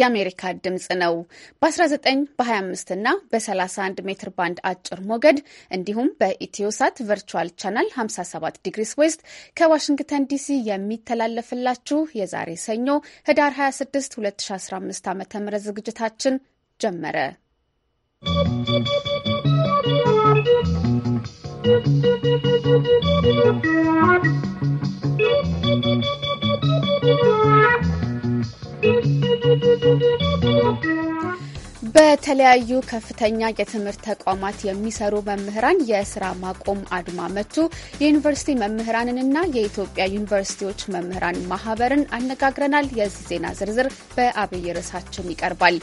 የአሜሪካ ድምፅ ነው። በ19 በ25 እና በ31 ሜትር ባንድ አጭር ሞገድ እንዲሁም በኢትዮሳት ቨርቹዋል ቻናል 57 ዲግሪስ ዌስት ከዋሽንግተን ዲሲ የሚተላለፍላችሁ የዛሬ ሰኞ ህዳር 26 2015 ዓ ም ዝግጅታችን ጀመረ። ¶¶ tout ce በተለያዩ ከፍተኛ የትምህርት ተቋማት የሚሰሩ መምህራን የስራ ማቆም አድማ መቱ የዩኒቨርሲቲ መምህራንንና የኢትዮጵያ ዩኒቨርሲቲዎች መምህራን ማህበርን አነጋግረናል። የዚህ ዜና ዝርዝር በአብይ ርዕሳችን ይቀርባል።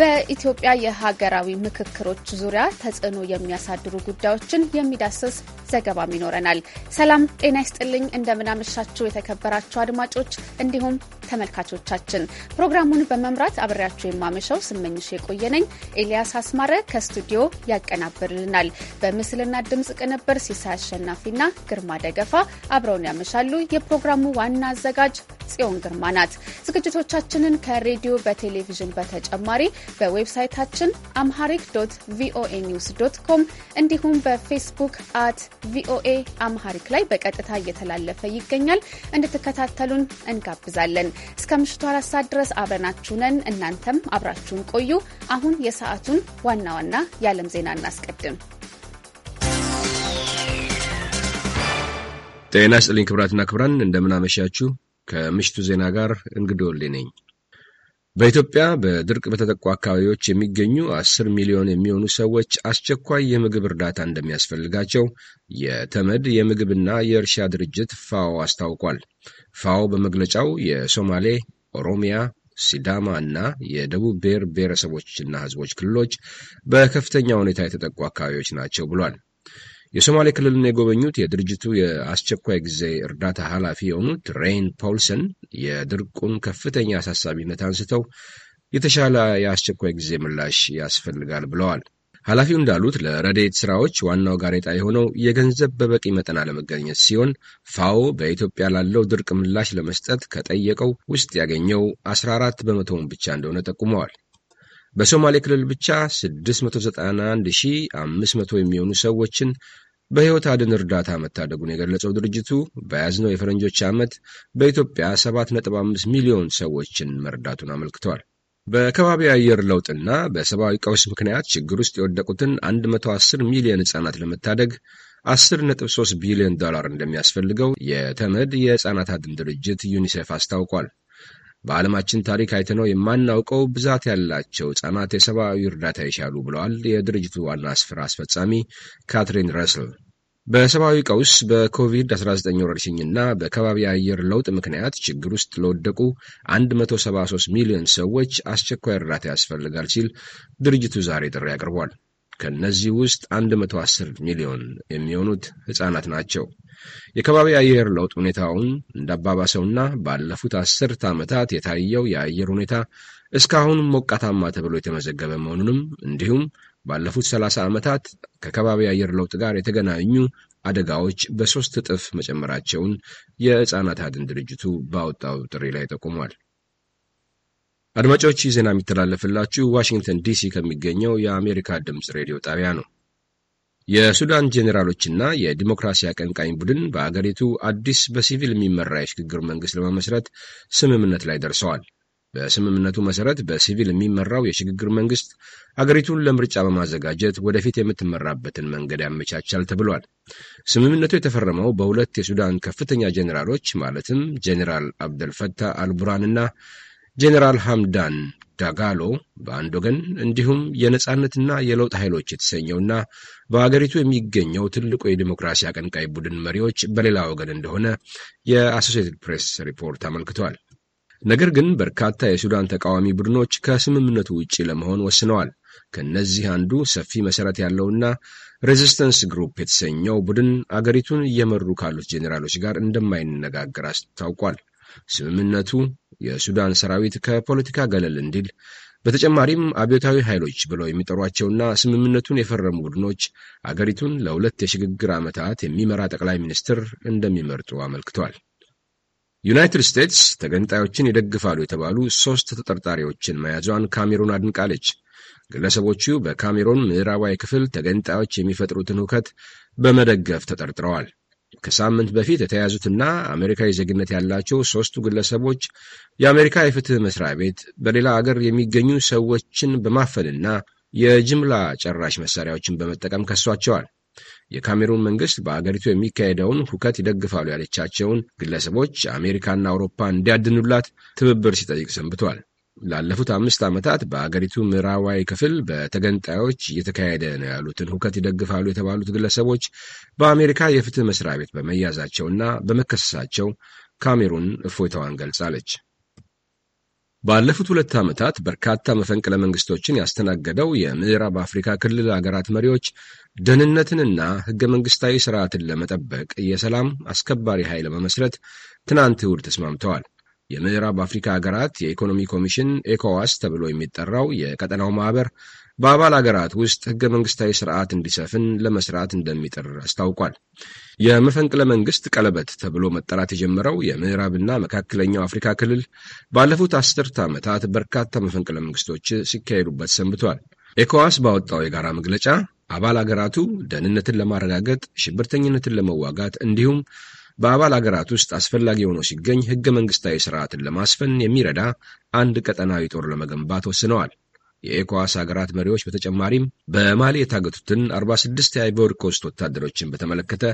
በኢትዮጵያ የሀገራዊ ምክክሮች ዙሪያ ተጽዕኖ የሚያሳድሩ ጉዳዮችን የሚዳስስ ዘገባም ይኖረናል። ሰላም ጤና ይስጥልኝ። እንደምናመሻችሁ የተከበራችሁ አድማጮች እንዲሁም ተመልካቾቻችን ፕሮግራሙን በመምራት አብሬያችሁ የማመሻው ስመኝሽ የቆየ ነኝ። ኤልያስ አስማረ ከስቱዲዮ ያቀናብርልናል። በምስልና ድምፅ ቅንብር ሲሳ አሸናፊና ግርማ ደገፋ አብረውን ያመሻሉ። የፕሮግራሙ ዋና አዘጋጅ ጽዮን ግርማ ናት። ዝግጅቶቻችንን ከሬዲዮ በቴሌቪዥን በተጨማሪ በዌብሳይታችን አምሃሪክ ዶት ቪኦኤ ኒውስ ዶት ኮም እንዲሁም በፌስቡክ አት ቪኦኤ አምሃሪክ ላይ በቀጥታ እየተላለፈ ይገኛል። እንድትከታተሉን እንጋብዛለን። እስከ ምሽቱ አራት ሰዓት ድረስ አብረናችሁ ነን። እናንተም አብራችሁን ቆዩ። አሁን የሰዓቱን ዋና ዋና የዓለም ዜና እናስቀድም። ጤና ይስጥልኝ ክብራትና ክብራን፣ እንደምናመሻችሁ። ከምሽቱ ዜና ጋር እንግዳ ነኝ። በኢትዮጵያ በድርቅ በተጠቁ አካባቢዎች የሚገኙ አስር ሚሊዮን የሚሆኑ ሰዎች አስቸኳይ የምግብ እርዳታ እንደሚያስፈልጋቸው የተመድ የምግብና የእርሻ ድርጅት ፋኦ አስታውቋል። ፋኦ በመግለጫው የሶማሌ፣ ኦሮሚያ፣ ሲዳማ እና የደቡብ ብሔር ብሔረሰቦችና ህዝቦች ክልሎች በከፍተኛ ሁኔታ የተጠቁ አካባቢዎች ናቸው ብሏል። የሶማሌ ክልልን የጎበኙት የድርጅቱ የአስቸኳይ ጊዜ እርዳታ ኃላፊ የሆኑት ሬይን ፖልሰን የድርቁን ከፍተኛ አሳሳቢነት አንስተው የተሻለ የአስቸኳይ ጊዜ ምላሽ ያስፈልጋል ብለዋል። ኃላፊው እንዳሉት ለረዴት ስራዎች ዋናው ጋሬጣ የሆነው የገንዘብ በበቂ መጠን አለመገኘት ሲሆን ፋኦ በኢትዮጵያ ላለው ድርቅ ምላሽ ለመስጠት ከጠየቀው ውስጥ ያገኘው 14 በመቶውን ብቻ እንደሆነ ጠቁመዋል። በሶማሌ ክልል ብቻ 691500 የሚሆኑ ሰዎችን በሕይወት አድን እርዳታ መታደጉን የገለጸው ድርጅቱ በያዝነው የፈረንጆች ዓመት በኢትዮጵያ 7.5 ሚሊዮን ሰዎችን መርዳቱን አመልክቷል። በከባቢ አየር ለውጥና በሰብአዊ ቀውስ ምክንያት ችግር ውስጥ የወደቁትን 110 ሚሊዮን ሕፃናት ለመታደግ 10.3 ቢሊዮን ዶላር እንደሚያስፈልገው የተመድ የሕፃናት አድን ድርጅት ዩኒሴፍ አስታውቋል። በዓለማችን ታሪክ አይተነው የማናውቀው ብዛት ያላቸው ሕፃናት የሰብአዊ እርዳታ ይሻሉ ብለዋል የድርጅቱ ዋና ስፍራ አስፈጻሚ ካትሪን ረስል። በሰብአዊ ቀውስ በኮቪድ-19 ወረርሽኝና በከባቢ አየር ለውጥ ምክንያት ችግር ውስጥ ለወደቁ 173 ሚሊዮን ሰዎች አስቸኳይ እርዳታ ያስፈልጋል ሲል ድርጅቱ ዛሬ ጥሪ አቅርቧል። ከእነዚህ ውስጥ 110 ሚሊዮን የሚሆኑት ሕፃናት ናቸው። የከባቢ አየር ለውጥ ሁኔታውን እንዳባባሰውና ባለፉት አስርት ዓመታት የታየው የአየር ሁኔታ እስካሁን ሞቃታማ ተብሎ የተመዘገበ መሆኑንም እንዲሁም ባለፉት 30 ዓመታት ከከባቢ አየር ለውጥ ጋር የተገናኙ አደጋዎች በሦስት እጥፍ መጨመራቸውን የሕፃናት አድን ድርጅቱ ባወጣው ጥሪ ላይ ጠቁሟል። አድማጮች ይህ ዜና የሚተላለፍላችሁ ዋሽንግተን ዲሲ ከሚገኘው የአሜሪካ ድምፅ ሬዲዮ ጣቢያ ነው። የሱዳን ጄኔራሎችና የዲሞክራሲ አቀንቃኝ ቡድን በአገሪቱ አዲስ በሲቪል የሚመራ የሽግግር መንግሥት ለመመስረት ስምምነት ላይ ደርሰዋል። በስምምነቱ መሰረት በሲቪል የሚመራው የሽግግር መንግስት አገሪቱን ለምርጫ በማዘጋጀት ወደፊት የምትመራበትን መንገድ ያመቻቻል ተብሏል። ስምምነቱ የተፈረመው በሁለት የሱዳን ከፍተኛ ጀኔራሎች ማለትም ጀኔራል አብደልፈታ አልቡራን እና ጀኔራል ሐምዳን ዳጋሎ በአንድ ወገን እንዲሁም የነጻነትና የለውጥ ኃይሎች የተሰኘውና በአገሪቱ የሚገኘው ትልቁ የዲሞክራሲ አቀንቃይ ቡድን መሪዎች በሌላ ወገን እንደሆነ የአሶሲየትድ ፕሬስ ሪፖርት አመልክቷል። ነገር ግን በርካታ የሱዳን ተቃዋሚ ቡድኖች ከስምምነቱ ውጪ ለመሆን ወስነዋል። ከእነዚህ አንዱ ሰፊ መሠረት ያለውና ሬዚስተንስ ግሩፕ የተሰኘው ቡድን አገሪቱን እየመሩ ካሉት ጄኔራሎች ጋር እንደማይነጋገር አስታውቋል። ስምምነቱ የሱዳን ሰራዊት ከፖለቲካ ገለል እንዲል በተጨማሪም አብዮታዊ ኃይሎች ብለው የሚጠሯቸውና ስምምነቱን የፈረሙ ቡድኖች አገሪቱን ለሁለት የሽግግር ዓመታት የሚመራ ጠቅላይ ሚኒስትር እንደሚመርጡ አመልክቷል። ዩናይትድ ስቴትስ ተገንጣዮችን ይደግፋሉ የተባሉ ሦስት ተጠርጣሪዎችን መያዟን ካሜሩን አድንቃለች። ግለሰቦቹ በካሜሩን ምዕራባዊ ክፍል ተገንጣዮች የሚፈጥሩትን ሁከት በመደገፍ ተጠርጥረዋል። ከሳምንት በፊት የተያዙትና አሜሪካዊ ዜግነት ያላቸው ሦስቱ ግለሰቦች የአሜሪካ የፍትሕ መሥሪያ ቤት በሌላ አገር የሚገኙ ሰዎችን በማፈንና የጅምላ ጨራሽ መሣሪያዎችን በመጠቀም ከሷቸዋል። የካሜሩን መንግስት በአገሪቱ የሚካሄደውን ሁከት ይደግፋሉ ያለቻቸውን ግለሰቦች አሜሪካና አውሮፓ እንዲያድኑላት ትብብር ሲጠይቅ ሰንብቷል። ላለፉት አምስት ዓመታት በአገሪቱ ምዕራባዊ ክፍል በተገንጣዮች እየተካሄደ ነው ያሉትን ሁከት ይደግፋሉ የተባሉት ግለሰቦች በአሜሪካ የፍትህ መስሪያ ቤት በመያዛቸውና በመከሰሳቸው ካሜሩን እፎይታዋን ገልጻለች። ባለፉት ሁለት ዓመታት በርካታ መፈንቅለ መንግስቶችን ያስተናገደው የምዕራብ አፍሪካ ክልል አገራት መሪዎች ደህንነትንና ህገ መንግስታዊ ስርዓትን ለመጠበቅ የሰላም አስከባሪ ኃይል መመስረት ትናንት እሁድ ተስማምተዋል። የምዕራብ አፍሪካ አገራት የኢኮኖሚ ኮሚሽን ኤኮዋስ ተብሎ የሚጠራው የቀጠናው ማህበር በአባል አገራት ውስጥ ህገ መንግስታዊ ስርዓት እንዲሰፍን ለመስራት እንደሚጥር አስታውቋል። የመፈንቅለ መንግስት ቀለበት ተብሎ መጠራት የጀመረው የምዕራብና መካከለኛው አፍሪካ ክልል ባለፉት አስርተ ዓመታት በርካታ መፈንቅለ መንግስቶች ሲካሄዱበት ሰንብቷል። ኤኮዋስ ባወጣው የጋራ መግለጫ አባል አገራቱ ደህንነትን ለማረጋገጥ ሽብርተኝነትን ለመዋጋት እንዲሁም በአባል አገራት ውስጥ አስፈላጊ ሆኖ ሲገኝ ህገ መንግስታዊ ስርዓትን ለማስፈን የሚረዳ አንድ ቀጠናዊ ጦር ለመገንባት ወስነዋል። የኤኮዋስ ሀገራት መሪዎች በተጨማሪም በማሊ የታገቱትን 46 የአይቮሪ ኮስት ወታደሮችን በተመለከተ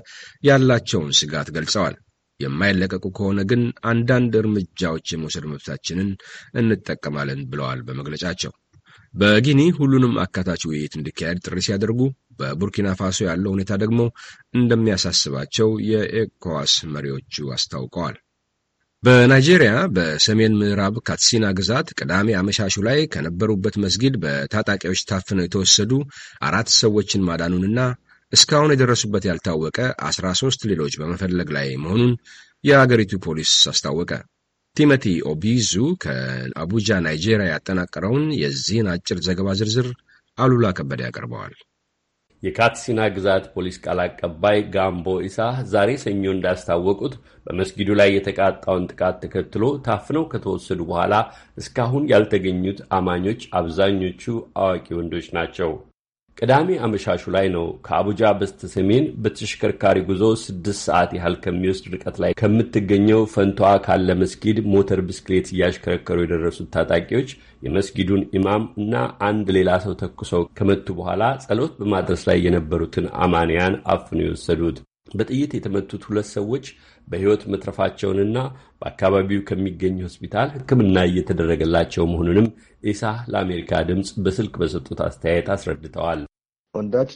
ያላቸውን ስጋት ገልጸዋል። የማይለቀቁ ከሆነ ግን አንዳንድ እርምጃዎች የመውሰድ መብታችንን እንጠቀማለን ብለዋል በመግለጫቸው። በጊኒ ሁሉንም አካታች ውይይት እንዲካሄድ ጥሪ ሲያደርጉ፣ በቡርኪና ፋሶ ያለው ሁኔታ ደግሞ እንደሚያሳስባቸው የኤኮዋስ መሪዎቹ አስታውቀዋል። በናይጄሪያ በሰሜን ምዕራብ ካትሲና ግዛት ቅዳሜ አመሻሹ ላይ ከነበሩበት መስጊድ በታጣቂዎች ታፍነው የተወሰዱ አራት ሰዎችን ማዳኑንና እስካሁን የደረሱበት ያልታወቀ 13 ሌሎች በመፈለግ ላይ መሆኑን የአገሪቱ ፖሊስ አስታወቀ። ቲሞቲ ኦቢዙ ከአቡጃ ናይጄሪያ ያጠናቀረውን የዚህን አጭር ዘገባ ዝርዝር አሉላ ከበደ ያቀርበዋል። የካትሲና ግዛት ፖሊስ ቃል አቀባይ ጋምቦ ኢሳ ዛሬ ሰኞ እንዳስታወቁት በመስጊዱ ላይ የተቃጣውን ጥቃት ተከትሎ ታፍነው ከተወሰዱ በኋላ እስካሁን ያልተገኙት አማኞች አብዛኞቹ አዋቂ ወንዶች ናቸው። ቅዳሜ አመሻሹ ላይ ነው ከአቡጃ በስተ ሰሜን በተሽከርካሪ ጉዞ ስድስት ሰዓት ያህል ከሚወስድ ርቀት ላይ ከምትገኘው ፈንቷ ካለ መስጊድ ሞተር ብስክሌት እያሽከረከሩ የደረሱት ታጣቂዎች የመስጊዱን ኢማም እና አንድ ሌላ ሰው ተኩሰው ከመቱ በኋላ ጸሎት በማድረስ ላይ የነበሩትን አማንያን አፍነው የወሰዱት። በጥይት የተመቱት ሁለት ሰዎች በሕይወት መትረፋቸውንና በአካባቢው ከሚገኝ ሆስፒታል ሕክምና እየተደረገላቸው መሆኑንም ኢሳ ለአሜሪካ ድምፅ በስልክ በሰጡት አስተያየት አስረድተዋል። uh, uh,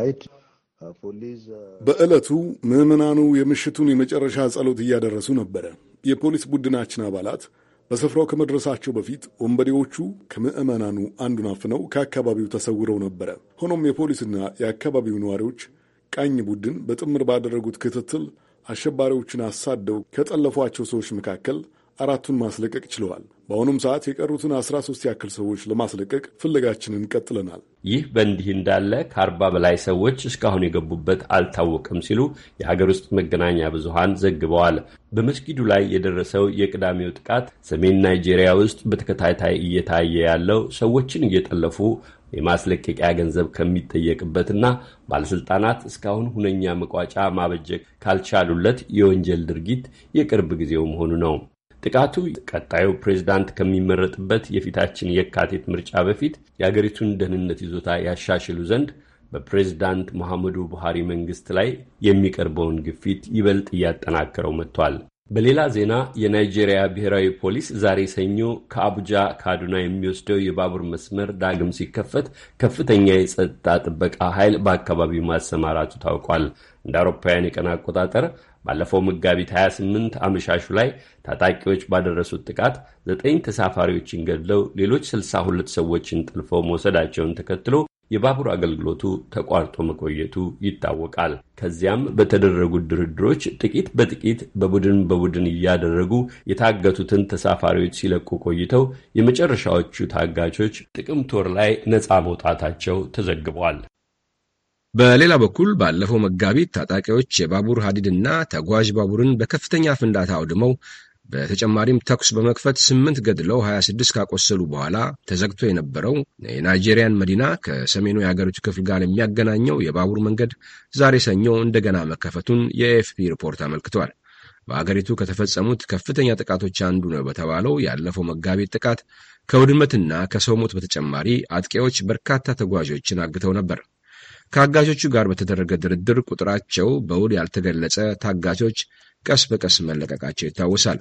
uh, በዕለቱ ምዕመናኑ የምሽቱን የመጨረሻ ጸሎት እያደረሱ ነበረ። የፖሊስ ቡድናችን አባላት በስፍራው ከመድረሳቸው በፊት ወንበዴዎቹ ከምዕመናኑ አንዱን አፍነው ከአካባቢው ተሰውረው ነበረ። ሆኖም የፖሊስና የአካባቢው ነዋሪዎች ቃኝ ቡድን በጥምር ባደረጉት ክትትል አሸባሪዎችን አሳደው ከጠለፏቸው ሰዎች መካከል አራቱን ማስለቀቅ ችለዋል። በአሁኑም ሰዓት የቀሩትን 13 ያክል ሰዎች ለማስለቀቅ ፍለጋችንን ቀጥለናል። ይህ በእንዲህ እንዳለ ከአርባ በላይ ሰዎች እስካሁን የገቡበት አልታወቅም ሲሉ የሀገር ውስጥ መገናኛ ብዙሃን ዘግበዋል። በመስጊዱ ላይ የደረሰው የቅዳሜው ጥቃት ሰሜን ናይጄሪያ ውስጥ በተከታታይ እየታየ ያለው ሰዎችን እየጠለፉ የማስለቀቂያ ገንዘብ ከሚጠየቅበትና ባለሥልጣናት እስካሁን ሁነኛ መቋጫ ማበጀት ካልቻሉለት የወንጀል ድርጊት የቅርብ ጊዜው መሆኑ ነው። ጥቃቱ ቀጣዩ ፕሬዝዳንት ከሚመረጥበት የፊታችን የካቲት ምርጫ በፊት የአገሪቱን ደህንነት ይዞታ ያሻሽሉ ዘንድ በፕሬዝዳንት መሐመዱ ቡሃሪ መንግስት ላይ የሚቀርበውን ግፊት ይበልጥ እያጠናከረው መጥቷል። በሌላ ዜና የናይጄሪያ ብሔራዊ ፖሊስ ዛሬ ሰኞ ከአቡጃ ካዱና የሚወስደው የባቡር መስመር ዳግም ሲከፈት ከፍተኛ የጸጥታ ጥበቃ ኃይል በአካባቢው ማሰማራቱ ታውቋል። እንደ አውሮፓውያን የቀን አቆጣጠር ባለፈው መጋቢት 28 አመሻሹ ላይ ታጣቂዎች ባደረሱት ጥቃት ዘጠኝ ተሳፋሪዎችን ገድለው ሌሎች 62 ሰዎችን ጠልፈው መውሰዳቸውን ተከትሎ የባቡር አገልግሎቱ ተቋርጦ መቆየቱ ይታወቃል። ከዚያም በተደረጉት ድርድሮች ጥቂት በጥቂት በቡድን በቡድን እያደረጉ የታገቱትን ተሳፋሪዎች ሲለቁ ቆይተው የመጨረሻዎቹ ታጋቾች ጥቅምት ወር ላይ ነፃ መውጣታቸው ተዘግቧል። በሌላ በኩል ባለፈው መጋቢት ታጣቂዎች የባቡር ሀዲድና ተጓዥ ባቡርን በከፍተኛ ፍንዳታ አውድመው በተጨማሪም ተኩስ በመክፈት ስምንት ገድለው 26 ካቆሰሉ በኋላ ተዘግቶ የነበረው የናይጄሪያን መዲና ከሰሜኑ የአገሪቱ ክፍል ጋር የሚያገናኘው የባቡር መንገድ ዛሬ ሰኞ እንደገና መከፈቱን የኤፍፒ ሪፖርት አመልክቷል። በአገሪቱ ከተፈጸሙት ከፍተኛ ጥቃቶች አንዱ ነው በተባለው ያለፈው መጋቢት ጥቃት ከውድመትና ከሰው ሞት በተጨማሪ አጥቂዎች በርካታ ተጓዦችን አግተው ነበር። ከአጋቾቹ ጋር በተደረገ ድርድር ቁጥራቸው በውል ያልተገለጸ ታጋቾች ቀስ በቀስ መለቀቃቸው ይታወሳል።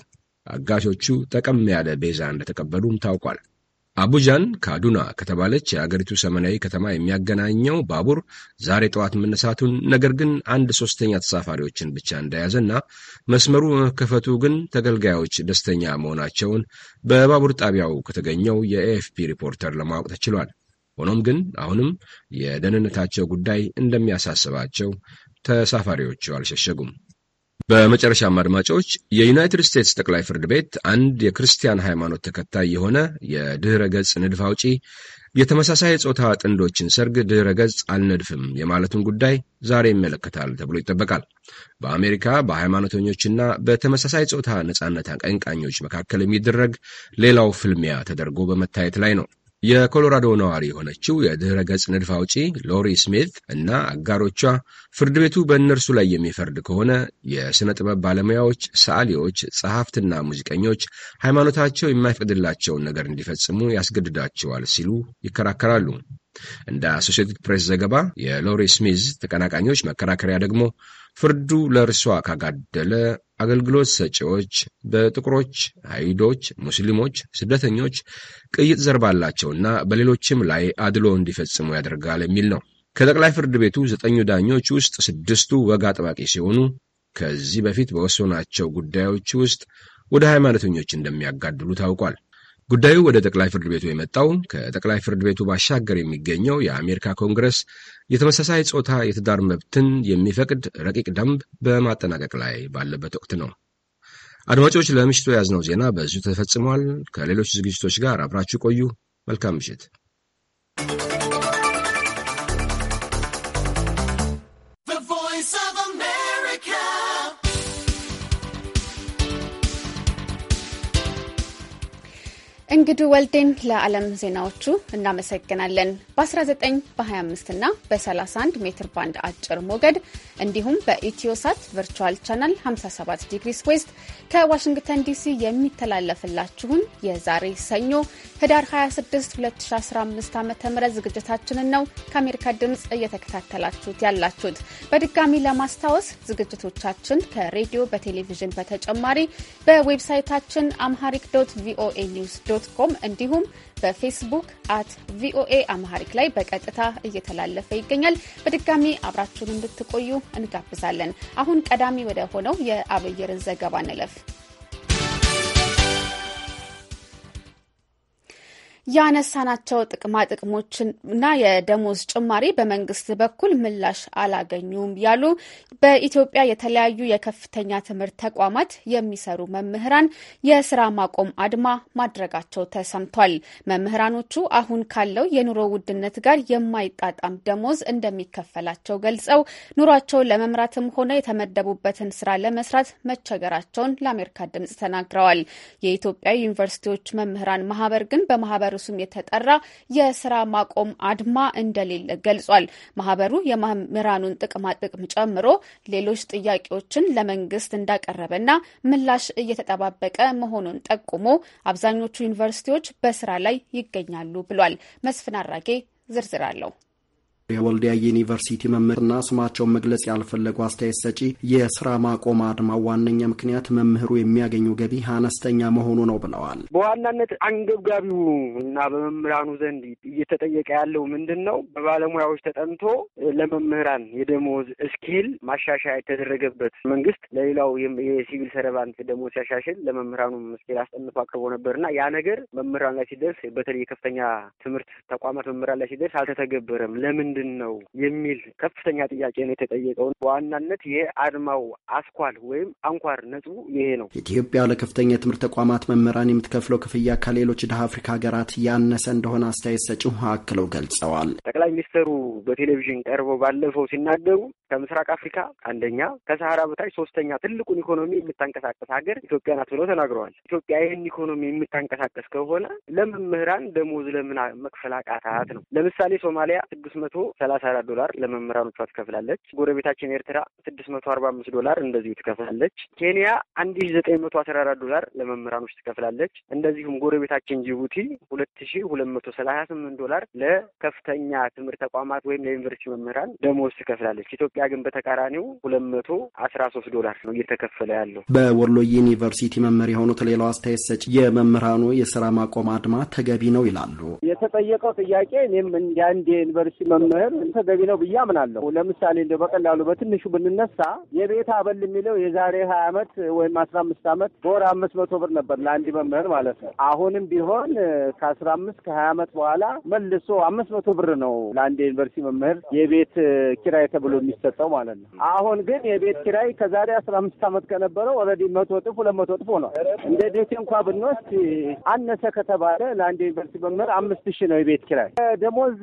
አጋቾቹ ጠቀም ያለ ቤዛ እንደተቀበሉም ታውቋል። አቡጃን ካዱና ከተባለች የአገሪቱ ሰሜናዊ ከተማ የሚያገናኘው ባቡር ዛሬ ጠዋት መነሳቱን ነገር ግን አንድ ሶስተኛ ተሳፋሪዎችን ብቻ እንደያዘና መስመሩ በመከፈቱ ግን ተገልጋዮች ደስተኛ መሆናቸውን በባቡር ጣቢያው ከተገኘው የኤኤፍፒ ሪፖርተር ለማወቅ ተችሏል። ሆኖም ግን አሁንም የደህንነታቸው ጉዳይ እንደሚያሳስባቸው ተሳፋሪዎቹ አልሸሸጉም። በመጨረሻም አድማጮች የዩናይትድ ስቴትስ ጠቅላይ ፍርድ ቤት አንድ የክርስቲያን ሃይማኖት ተከታይ የሆነ የድኅረ ገጽ ንድፍ አውጪ የተመሳሳይ ጾታ ጥንዶችን ሰርግ ድኅረ ገጽ አልነድፍም የማለቱን ጉዳይ ዛሬ ይመለከታል ተብሎ ይጠበቃል። በአሜሪካ በሃይማኖተኞችና በተመሳሳይ ጾታ ነጻነት አቀንቃኞች መካከል የሚደረግ ሌላው ፍልሚያ ተደርጎ በመታየት ላይ ነው። የኮሎራዶ ነዋሪ የሆነችው የድኅረ ገጽ ንድፍ አውጪ ሎሪ ስሚት እና አጋሮቿ ፍርድ ቤቱ በእነርሱ ላይ የሚፈርድ ከሆነ የሥነ ጥበብ ባለሙያዎች፣ ሰዓሊዎች፣ ጸሐፍትና ሙዚቀኞች ሃይማኖታቸው የማይፈቅድላቸውን ነገር እንዲፈጽሙ ያስገድዳቸዋል ሲሉ ይከራከራሉ። እንደ አሶሴትድ ፕሬስ ዘገባ የሎሪ ስሚዝ ተቀናቃኞች መከራከሪያ ደግሞ ፍርዱ ለእርሷ ካጋደለ አገልግሎት ሰጪዎች፣ በጥቁሮች፣ አይዶች፣ ሙስሊሞች፣ ስደተኞች፣ ቅይጥ ዘር ባላቸውና በሌሎችም ላይ አድሎ እንዲፈጽሙ ያደርጋል የሚል ነው። ከጠቅላይ ፍርድ ቤቱ ዘጠኙ ዳኞች ውስጥ ስድስቱ ወግ አጥባቂ ሲሆኑ ከዚህ በፊት በወሰኗቸው ጉዳዮች ውስጥ ወደ ሃይማኖተኞች እንደሚያጋድሉ ታውቋል። ጉዳዩ ወደ ጠቅላይ ፍርድ ቤቱ የመጣው ከጠቅላይ ፍርድ ቤቱ ባሻገር የሚገኘው የአሜሪካ ኮንግረስ የተመሳሳይ ጾታ የትዳር መብትን የሚፈቅድ ረቂቅ ደንብ በማጠናቀቅ ላይ ባለበት ወቅት ነው። አድማጮች፣ ለምሽቱ የያዝነው ዜና በዚሁ ተፈጽሟል። ከሌሎች ዝግጅቶች ጋር አብራችሁ ቆዩ። መልካም ምሽት። እንግዱ ወልዴን ለዓለም ዜናዎቹ እናመሰግናለን። በ19 በ25 እና በ31 ሜትር ባንድ አጭር ሞገድ እንዲሁም በኢትዮሳት ቨርቹዋል ቻናል 57 ዲግሪስ ዌስት ከዋሽንግተን ዲሲ የሚተላለፍላችሁን የዛሬ ሰኞ ህዳር 26 2015 ዓ ም ዝግጅታችንን ነው ከአሜሪካ ድምፅ እየተከታተላችሁት ያላችሁት። በድጋሚ ለማስታወስ ዝግጅቶቻችን ከሬዲዮ በቴሌቪዥን በተጨማሪ በዌብሳይታችን አምሃሪክ ዶት ቪኦኤ ኒውስ ዶት ኮም እንዲሁም በፌስቡክ አት ቪኦኤ አማሃሪክ ላይ በቀጥታ እየተላለፈ ይገኛል። በድጋሚ አብራችሁን እንድትቆዩ እንጋብዛለን። አሁን ቀዳሚ ወደ ሆነው የአብይርን ዘገባ እንለፍ። ያነሳናቸው ጥቅማ ጥቅሞችና የደሞዝ ጭማሪ በመንግስት በኩል ምላሽ አላገኙም ያሉ በኢትዮጵያ የተለያዩ የከፍተኛ ትምህርት ተቋማት የሚሰሩ መምህራን የስራ ማቆም አድማ ማድረጋቸው ተሰምቷል። መምህራኖቹ አሁን ካለው የኑሮ ውድነት ጋር የማይጣጣም ደሞዝ እንደሚከፈላቸው ገልጸው ኑሯቸውን ለመምራትም ሆነ የተመደቡበትን ስራ ለመስራት መቸገራቸውን ለአሜሪካ ድምጽ ተናግረዋል። የኢትዮጵያ ዩኒቨርሲቲዎች መምህራን ማህበር ግን በማህበሩ በርዕሱም የተጠራ የስራ ማቆም አድማ እንደሌለ ገልጿል። ማህበሩ የመምህራኑን ጥቅማጥቅም ጨምሮ ሌሎች ጥያቄዎችን ለመንግስት እንዳቀረበና ምላሽ እየተጠባበቀ መሆኑን ጠቁሞ አብዛኞቹ ዩኒቨርሲቲዎች በስራ ላይ ይገኛሉ ብሏል። መስፍን አራጌ ዝርዝር አለው። የወልዲያ ዩኒቨርሲቲ መምህርና ስማቸውን መግለጽ ያልፈለጉ አስተያየት ሰጪ የስራ ማቆም አድማ ዋነኛ ምክንያት መምህሩ የሚያገኙ ገቢ አነስተኛ መሆኑ ነው ብለዋል። በዋናነት አንገብጋቢው እና በመምህራኑ ዘንድ እየተጠየቀ ያለው ምንድን ነው? በባለሙያዎች ተጠንቶ ለመምህራን የደሞዝ እስኬል ማሻሻያ የተደረገበት መንግስት ለሌላው የሲቪል ሰረባንት ደሞዝ ሲያሻሽል ለመምህራኑ እስኬል አስጠንፎ አቅርቦ ነበር እና ያ ነገር መምህራን ላይ ሲደርስ በተለይ የከፍተኛ ትምህርት ተቋማት መምህራን ላይ ሲደርስ አልተተገበረም። ለምን ምንድን ነው የሚል ከፍተኛ ጥያቄ ነው የተጠየቀው። በዋናነት የአድማው አስኳል ወይም አንኳር ነጥቡ ይሄ ነው። ኢትዮጵያ ለከፍተኛ የትምህርት ተቋማት መምህራን የምትከፍለው ክፍያ ከሌሎች ደሀ አፍሪካ ሀገራት ያነሰ እንደሆነ አስተያየት ሰጪው አክለው ገልጸዋል። ጠቅላይ ሚኒስትሩ በቴሌቪዥን ቀርበው ባለፈው ሲናገሩ ከምስራቅ አፍሪካ አንደኛ፣ ከሰሃራ በታች ሶስተኛ ትልቁን ኢኮኖሚ የምታንቀሳቀስ ሀገር ኢትዮጵያ ናት ብለው ተናግረዋል። ኢትዮጵያ ይህን ኢኮኖሚ የምታንቀሳቀስ ከሆነ ለመምህራን ደሞዝ ለምን መክፈል አቃታት ነው? ለምሳሌ ሶማሊያ ስድስት መቶ ሰላሳ አራት ዶላር ለመምህራኖቿ ትከፍላለች። ጎረቤታችን ኤርትራ ስድስት መቶ አርባ አምስት ዶላር እንደዚሁ ትከፍላለች። ኬንያ አንድ ሺ ዘጠኝ መቶ አስራ አራት ዶላር ለመምህራኖች ትከፍላለች። እንደዚሁም ጎረቤታችን ጅቡቲ ሁለት ሺ ሁለት መቶ ሰላሳ ስምንት ዶላር ለከፍተኛ ትምህርት ተቋማት ወይም ለዩኒቨርሲቲ መምህራን ደሞዝ ትከፍላለች። ኢትዮጵያ ግን በተቃራኒው ሁለት መቶ አስራ ሶስት ዶላር ነው እየተከፈለ ያለው። በወሎ ዩኒቨርሲቲ መምህር የሆኑት ሌላው አስተያየት ሰጭ የመምህራኑ የስራ ማቆም አድማ ተገቢ ነው ይላሉ። የተጠየቀው ጥያቄ እኔም እንደ አንድ የዩኒቨርሲቲ መምህር መምህር ተገቢ ነው ብዬ አምናለሁ። ለምሳሌ እንደ በቀላሉ በትንሹ ብንነሳ የቤት አበል የሚለው የዛሬ ሀያ አመት ወይም አስራ አምስት አመት በወር አምስት መቶ ብር ነበር ለአንድ መምህር ማለት ነው። አሁንም ቢሆን ከአስራ አምስት ከሀያ አመት በኋላ መልሶ አምስት መቶ ብር ነው ለአንድ የዩኒቨርሲቲ መምህር የቤት ኪራይ ተብሎ የሚሰጠው ማለት ነው። አሁን ግን የቤት ኪራይ ከዛሬ አስራ አምስት አመት ከነበረው ኦልሬዲ መቶ እጥፍ ሁለት መቶ እጥፍ ሆኗል። እንደ ደሴ እንኳ ብንወስድ አነሰ ከተባለ ለአንድ የዩኒቨርሲቲ መምህር አምስት ሺህ ነው የቤት ኪራይ ደሞዝ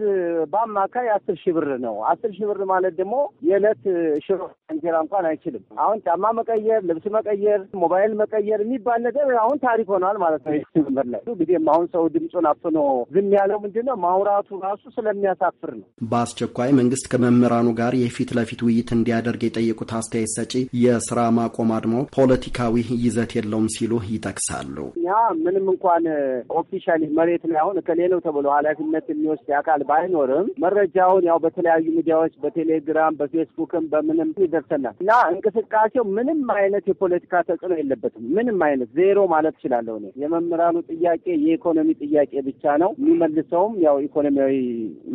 በአማካይ አስር ሺህ ብር ነው። አስር ሺህ ብር ማለት ደግሞ የዕለት ሽሮ እንጀራ እንኳን አይችልም። አሁን ጫማ መቀየር፣ ልብስ መቀየር፣ ሞባይል መቀየር የሚባል ነገር አሁን ታሪክ ሆኗል ማለት ነው። ምር ላይ ጊዜም አሁን ሰው ድምፁን አፍኖ ዝም ያለው ምንድን ነው ማውራቱ ራሱ ስለሚያሳፍር ነው። በአስቸኳይ መንግስት ከመምህራኑ ጋር የፊት ለፊት ውይይት እንዲያደርግ የጠየቁት አስተያየት ሰጪ የስራ ማቆም አድሞ ፖለቲካዊ ይዘት የለውም ሲሉ ይጠቅሳሉ። ያ ምንም እንኳን ኦፊሻሊ መሬት ላይ አሁን ከሌለው ተብሎ ኃላፊነት የሚወስድ አካል ባይኖርም መረጃ እስካሁን ያው በተለያዩ ሚዲያዎች በቴሌግራም በፌስቡክም በምንም ይደርሰናል እና እንቅስቃሴው ምንም አይነት የፖለቲካ ተጽዕኖ የለበትም። ምንም አይነት ዜሮ ማለት እችላለሁ እኔ። የመምህራኑ ጥያቄ የኢኮኖሚ ጥያቄ ብቻ ነው። የሚመልሰውም ያው ኢኮኖሚያዊ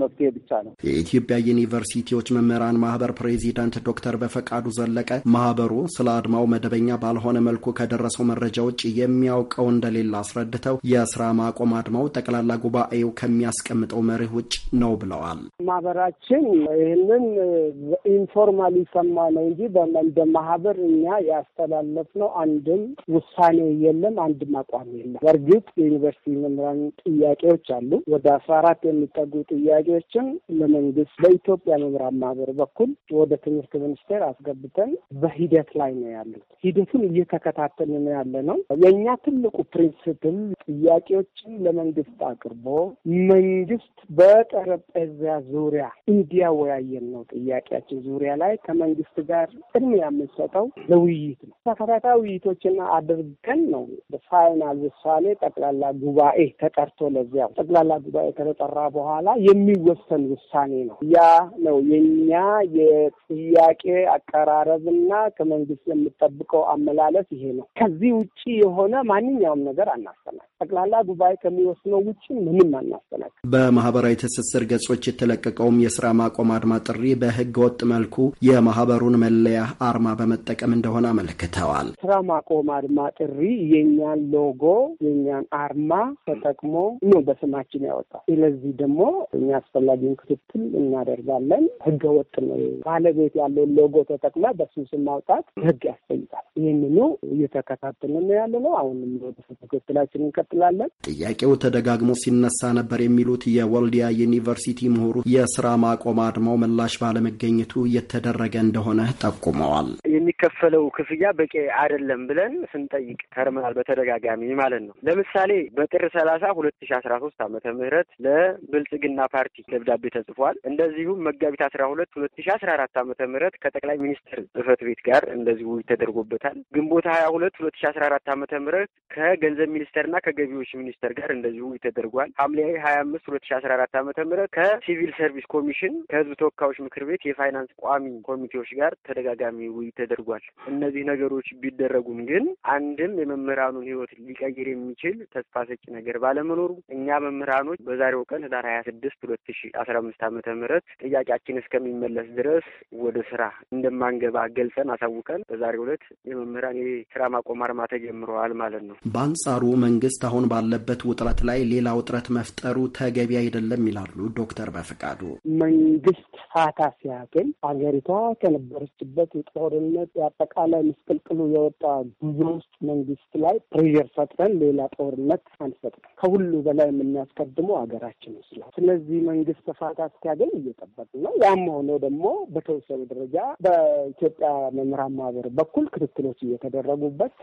መፍትሄ ብቻ ነው። የኢትዮጵያ ዩኒቨርሲቲዎች መምህራን ማህበር ፕሬዚዳንት ዶክተር በፈቃዱ ዘለቀ ማህበሩ ስለ አድማው መደበኛ ባልሆነ መልኩ ከደረሰው መረጃ ውጭ የሚያውቀው እንደሌለ አስረድተው የስራ ማቆም አድማው ጠቅላላ ጉባኤው ከሚያስቀምጠው መርህ ውጭ ነው ብለዋል። ማህበራችን ይህንን ኢንፎርማል ይሰማ ነው እንጂ በመንደ ማህበር እኛ ያስተላለፍነው አንድም ውሳኔ የለም፣ አንድም አቋም የለም። በእርግጥ የዩኒቨርሲቲ መምህራን ጥያቄዎች አሉ። ወደ አስራ አራት የሚጠጉ ጥያቄዎችን ለመንግስት በኢትዮጵያ መምህራን ማህበር በኩል ወደ ትምህርት ሚኒስቴር አስገብተን በሂደት ላይ ነው ያሉት። ሂደቱን ነው ያለ ነው። የእኛ ትልቁ ፕሪንስፕል ጥያቄዎችን ለመንግስት አቅርቦ መንግስት በጠረጴዛ ዙሪያ ዙሪያ እንዲያወያየን ነው ጥያቄያችን። ዙሪያ ላይ ከመንግስት ጋር ቅድሚያ የምንሰጠው ለውይይት ነው። ተከታታይ ውይይቶችና አድርገን ነው በፋይናል ውሳኔ ጠቅላላ ጉባኤ ተጠርቶ ለዚያው ጠቅላላ ጉባኤ ከተጠራ በኋላ የሚወሰን ውሳኔ ነው። ያ ነው የኛ የጥያቄ አቀራረብና ከመንግስት የምጠብቀው አመላለስ ይሄ ነው። ከዚህ ውጭ የሆነ ማንኛውም ነገር አናስተናል ጠቅላላ ጉባኤ ከሚወስነው ውጭ ምንም አናስተናግድ። በማህበራዊ ትስስር ገጾች የተለቀቀውም የስራ ማቆም አድማ ጥሪ በህገ ወጥ መልኩ የማህበሩን መለያ አርማ በመጠቀም እንደሆነ አመልክተዋል። ስራ ማቆም አድማ ጥሪ የኛን ሎጎ የኛን አርማ ተጠቅሞ ነው በስማችን ያወጣል። ስለዚህ ደግሞ እኛ አስፈላጊውን ክትትል እናደርጋለን። ህገ ወጥ ነው ባለቤት ያለውን ሎጎ ተጠቅመ በሱ ስም ማውጣት ህግ ያስጠይቃል። ይህንኑ እየተከታተልን ነው ያለ ነው። አሁንም ወደ እንቀጥላለን። ጥያቄው ተደጋግሞ ሲነሳ ነበር የሚሉት የወልዲያ ዩኒቨርሲቲ ምሁሩ የስራ ማቆም አድማው ምላሽ ባለመገኘቱ የተደረገ እንደሆነ ጠቁመዋል። የሚከፈለው ክፍያ በቂ አይደለም ብለን ስንጠይቅ ከርመናል በተደጋጋሚ ማለት ነው። ለምሳሌ በጥር ሰላሳ ሁለት ሺ አስራ ሶስት አመተ ምህረት ለብልጽግና ፓርቲ ደብዳቤ ተጽፏል። እንደዚሁም መጋቢት አስራ ሁለት ሁለት ሺ አስራ አራት አመተ ምህረት ከጠቅላይ ሚኒስትር ጽህፈት ቤት ጋር እንደዚሁ ተደርጎበታል። ግንቦት ሀያ ሁለት ሁለት ሺ አስራ አራት አመተ ምህረት ከገንዘብ ሚኒስቴርና ገቢዎች ሚኒስቴር ጋር እንደዚሁ ውይይት ተደርጓል። ሐምሌ ሀያ አምስት ሁለት ሺ አስራ አራት ዓመተ ምህረት ከሲቪል ሰርቪስ ኮሚሽን ከህዝብ ተወካዮች ምክር ቤት የፋይናንስ ቋሚ ኮሚቴዎች ጋር ተደጋጋሚ ውይይት ተደርጓል። እነዚህ ነገሮች ቢደረጉም ግን አንድም የመምህራኑን ህይወት ሊቀይር የሚችል ተስፋ ሰጪ ነገር ባለመኖሩ እኛ መምህራኖች በዛሬው ቀን ህዳር ሀያ ስድስት ሁለት ሺ አስራ አምስት ዓመተ ምህረት ጥያቄያችን እስከሚመለስ ድረስ ወደ ስራ እንደማንገባ ገልጸን አሳውቀን በዛሬው ዕለት የመምህራን የስራ ማቆም አርማ ተጀምረዋል ማለት ነው። በአንጻሩ መንግስት እስካሁን ባለበት ውጥረት ላይ ሌላ ውጥረት መፍጠሩ ተገቢ አይደለም ይላሉ ዶክተር በፍቃዱ። መንግስት ፋታ ሲያገኝ ሀገሪቷ ከነበረችበት ጦርነት የአጠቃላይ ምስቅልቅሉ የወጣ ጉዞ ውስጥ መንግስት ላይ ፕሬር ፈጥረን ሌላ ጦርነት አንፈጥረን ከሁሉ በላይ የምናስቀድመው ሀገራችን ውስጥ ስለዚህ መንግስት ፋታ እስኪያገኝ እየጠበቅ ነው። ያም ሆኖ ደግሞ በተወሰኑ ደረጃ በኢትዮጵያ መምህራን ማህበር በኩል ክትትሎች እየተደረጉበት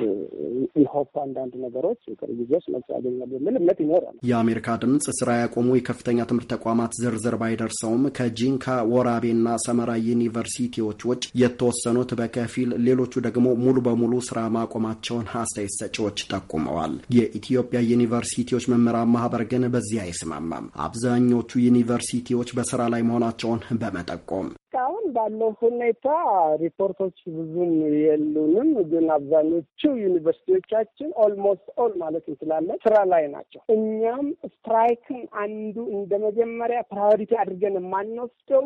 ኢሆፕ አንዳንድ ነገሮች ቅርብ ጊዜ መልስ ያገኛሉ የሚል እምነት ይኖራል። የአሜሪካ ድምጽ ስራ ያቆሙ የከፍተኛ ትምህርት ተቋማት ዝርዝር ባይደርሰውም ከጂንካ ወራቤና ሰመራ ዩኒቨርሲቲዎች ውጭ የተወሰኑት በከፊል ሌሎቹ ደግሞ ሙሉ በሙሉ ስራ ማቆማቸውን አስተያየት ሰጪዎች ጠቁመዋል። የኢትዮጵያ ዩኒቨርሲቲዎች መምህራን ማህበር ግን በዚህ አይስማማም። አብዛኞቹ ዩኒቨርሲቲዎች በስራ ላይ መሆናቸውን በመጠቆም አሁን ባለው ሁኔታ ሪፖርቶች ብዙም የሉንም፣ ግን አብዛኞቹ ዩኒቨርሲቲዎቻችን ኦልሞስት ኦል ማለት እንችላለን ስራ ላይ ናቸው። እኛም ስትራይክን አንዱ እንደ መጀመሪያ ፕራዮሪቲ አድርገን የማንወስደው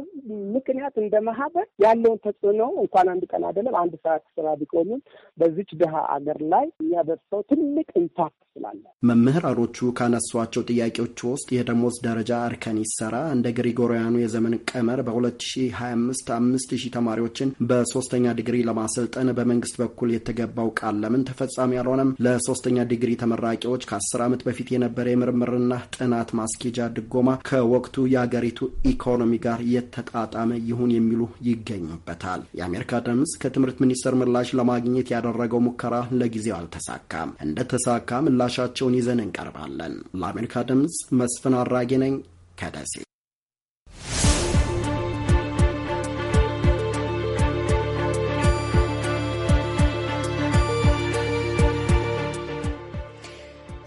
ምክንያት እንደ ማህበር ያለውን ተጽዕኖ እንኳን አንድ ቀን አይደለም አንድ ሰዓት ስራ ቢቆሙም በዚች ድሀ አገር ላይ የሚያደርሰው ትልቅ ኢምፓክት ስላለ መምህራኖቹ ካነሷቸው ጥያቄዎች ውስጥ የደሞዝ ደረጃ እርከን ይሰራ እንደ ግሪጎሪያኑ የዘመን ቀመር በ2025 አምስት አምስት ሺህ ተማሪዎችን በሶስተኛ ዲግሪ ለማሰልጠን በመንግስት በኩል የተገባው ቃል ለምን ተፈጻሚ አልሆነም? ለሶስተኛ ዲግሪ ተመራቂዎች ከአስር ዓመት በፊት የነበረ የምርምርና ጥናት ማስኬጃ ድጎማ ከወቅቱ የአገሪቱ ኢኮኖሚ ጋር የተጣጣመ ይሁን የሚሉ ይገኙበታል። የአሜሪካ ድምፅ ከትምህርት ሚኒስቴር ምላሽ ለማግኘት ያደረገው ሙከራ ለጊዜው አልተሳካም። እንደተሳካ ምላሻቸውን ይዘን እንቀርባለን። ለአሜሪካ ድምፅ መስፍን አራጌ ነኝ ከደሴ።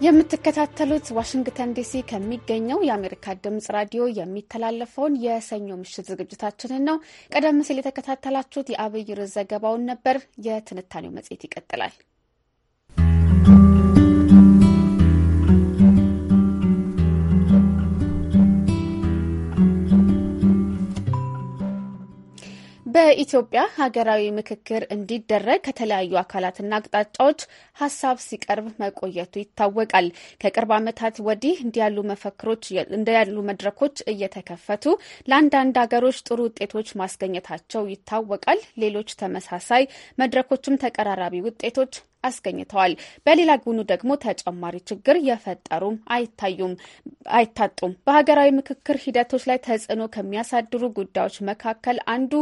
የምትከታተሉት ዋሽንግተን ዲሲ ከሚገኘው የአሜሪካ ድምጽ ራዲዮ የሚተላለፈውን የሰኞ ምሽት ዝግጅታችንን ነው። ቀደም ሲል የተከታተላችሁት የአብይር ዘገባውን ነበር። የትንታኔው መጽሔት ይቀጥላል። በኢትዮጵያ ሀገራዊ ምክክር እንዲደረግ ከተለያዩ አካላትና አቅጣጫዎች ሀሳብ ሲቀርብ መቆየቱ ይታወቃል። ከቅርብ ዓመታት ወዲህ እንዲያሉ መፈክሮች እንዲያሉ መድረኮች እየተከፈቱ ለአንዳንድ ሀገሮች ጥሩ ውጤቶች ማስገኘታቸው ይታወቃል። ሌሎች ተመሳሳይ መድረኮችም ተቀራራቢ ውጤቶች አስገኝተዋል። በሌላ ጎኑ ደግሞ ተጨማሪ ችግር የፈጠሩም አይታዩም አይታጡም። በሀገራዊ ምክክር ሂደቶች ላይ ተጽዕኖ ከሚያሳድሩ ጉዳዮች መካከል አንዱ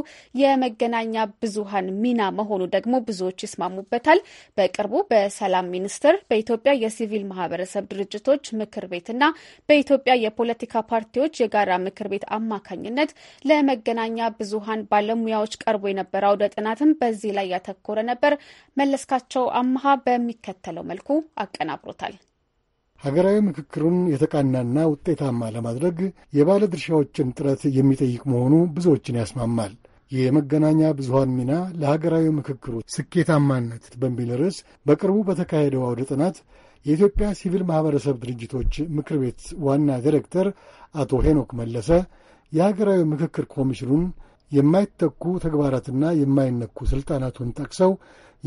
የመገናኛ ብዙሃን ሚና መሆኑ ደግሞ ብዙዎች ይስማሙበታል። በቅርቡ በሰላም ሚኒስቴር በኢትዮጵያ የሲቪል ማህበረሰብ ድርጅቶች ምክር ቤትና በኢትዮጵያ የፖለቲካ ፓርቲዎች የጋራ ምክር ቤት አማካኝነት ለመገናኛ ብዙሃን ባለሙያዎች ቀርቦ የነበረ አውደ ጥናትም በዚህ ላይ ያተኮረ ነበር። መለስካቸው አምሃ በሚከተለው መልኩ አቀናብሮታል። ሀገራዊ ምክክሩን የተቃናና ውጤታማ ለማድረግ የባለ ድርሻዎችን ጥረት የሚጠይቅ መሆኑ ብዙዎችን ያስማማል። የመገናኛ ብዙሃን ሚና ለሀገራዊ ምክክሩ ስኬታማነት በሚል ርዕስ በቅርቡ በተካሄደው አውደ ጥናት የኢትዮጵያ ሲቪል ማኅበረሰብ ድርጅቶች ምክር ቤት ዋና ዲሬክተር አቶ ሄኖክ መለሰ የሀገራዊ ምክክር ኮሚሽኑን የማይተኩ ተግባራትና የማይነኩ ሥልጣናቱን ጠቅሰው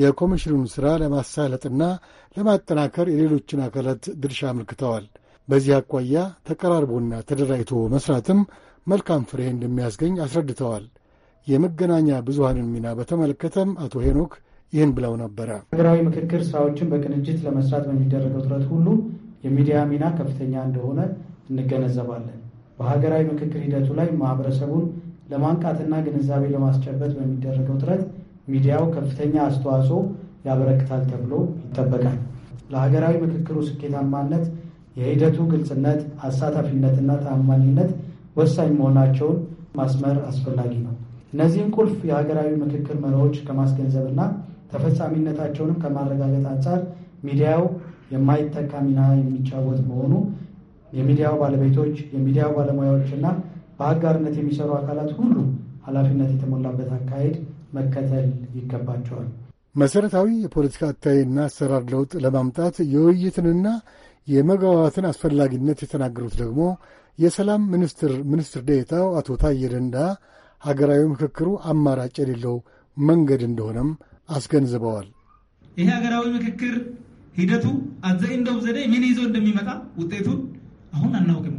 የኮሚሽኑን ሥራ ለማሳለጥና ለማጠናከር የሌሎችን አካላት ድርሻ አመልክተዋል። በዚህ አኳያ ተቀራርቦና ተደራጅቶ መሥራትም መልካም ፍሬ እንደሚያስገኝ አስረድተዋል። የመገናኛ ብዙሃንን ሚና በተመለከተም አቶ ሄኖክ ይህን ብለው ነበረ። ሀገራዊ ምክክር ስራዎችን በቅንጅት ለመስራት በሚደረገው ጥረት ሁሉ የሚዲያ ሚና ከፍተኛ እንደሆነ እንገነዘባለን። በሀገራዊ ምክክር ሂደቱ ላይ ማህበረሰቡን ለማንቃትና ግንዛቤ ለማስጨበጥ በሚደረገው ጥረት ሚዲያው ከፍተኛ አስተዋጽኦ ያበረክታል ተብሎ ይጠበቃል። ለሀገራዊ ምክክሩ ስኬታማነት የሂደቱ ግልጽነት፣ አሳታፊነትና ታማኝነት ወሳኝ መሆናቸውን ማስመር አስፈላጊ ነው። እነዚህን ቁልፍ የሀገራዊ ምክክር መርሆዎች ከማስገንዘብና ተፈጻሚነታቸውንም ከማረጋገጥ አንጻር ሚዲያው የማይተካ ሚና የሚጫወት መሆኑ የሚዲያው ባለቤቶች፣ የሚዲያው ባለሙያዎችና በአጋርነት የሚሰሩ አካላት ሁሉ ኃላፊነት የተሞላበት አካሄድ መከተል ይገባቸዋል። መሰረታዊ የፖለቲካ አታይና አሰራር ለውጥ ለማምጣት የውይይትንና የመግባባትን አስፈላጊነት የተናገሩት ደግሞ የሰላም ሚኒስትር ሚኒስትር ዴኤታው አቶ ታዬ ደንዳ ሀገራዊ ምክክሩ አማራጭ የሌለው መንገድ እንደሆነም አስገንዝበዋል። ይሄ ሀገራዊ ምክክር ሂደቱ አዘ እንደው ዘዴ ምን ይዞ እንደሚመጣ ውጤቱን አሁን አናውቅም።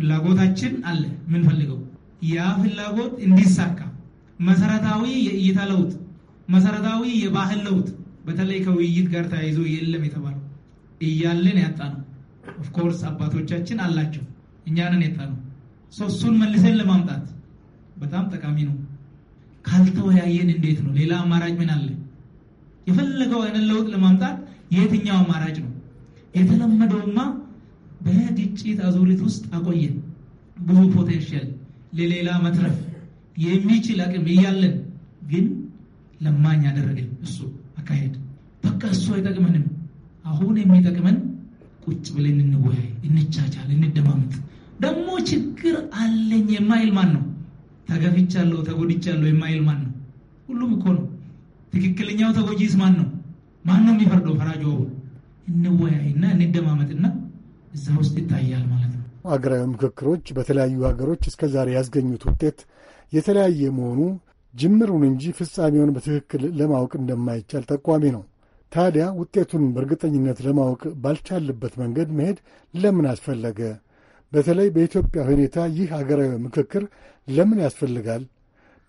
ፍላጎታችን አለ የምንፈልገው ያ ፍላጎት እንዲሳካ መሰረታዊ የእይታ ለውጥ፣ መሰረታዊ የባህል ለውጥ በተለይ ከውይይት ጋር ተያይዞ የለም የተባለው እያለን ያጣ ነው። ኦፍኮርስ አባቶቻችን አላቸው፣ እኛንን ያጣ ነው። እሱን መልሰን ለማምጣት በጣም ጠቃሚ ነው። ካልተወያየን እንዴት ነው? ሌላ አማራጭ ምን አለ? የፈለገው አይነት ለውጥ ለማምጣት የትኛው አማራጭ ነው? የተለመደውማ በግጭት አዙሪት ውስጥ አቆየ። ብዙ ፖቴንሽል ለሌላ መትረፍ የሚችል አቅም እያለን ግን ለማኝ ያደረገን እሱ አካሄድ። በቃ እሱ አይጠቅመንም። አሁን የሚጠቅመን ቁጭ ብለን እንወያይ፣ እንቻቻል፣ እንደማመጥ። ደግሞ ችግር አለኝ የማይል ማን ነው? ተገፍቻለሁ፣ ተጎድቻለሁ የማይል ማን ነው? ሁሉም እኮ ነው። ትክክለኛው ተጎጂስ ማን ነው? ማን ነው የሚፈርደው? ፈራጅ እንወያይና እንደማመጥና እዛ ውስጥ ይታያል ማለት ነው። አገራዊ ምክክሮች በተለያዩ ሀገሮች እስከ ዛሬ ያስገኙት ውጤት የተለያየ መሆኑ ጅምሩን እንጂ ፍጻሜውን በትክክል ለማወቅ እንደማይቻል ጠቋሚ ነው። ታዲያ ውጤቱን በእርግጠኝነት ለማወቅ ባልቻልበት መንገድ መሄድ ለምን አስፈለገ? በተለይ በኢትዮጵያ ሁኔታ ይህ አገራዊ ምክክር ለምን ያስፈልጋል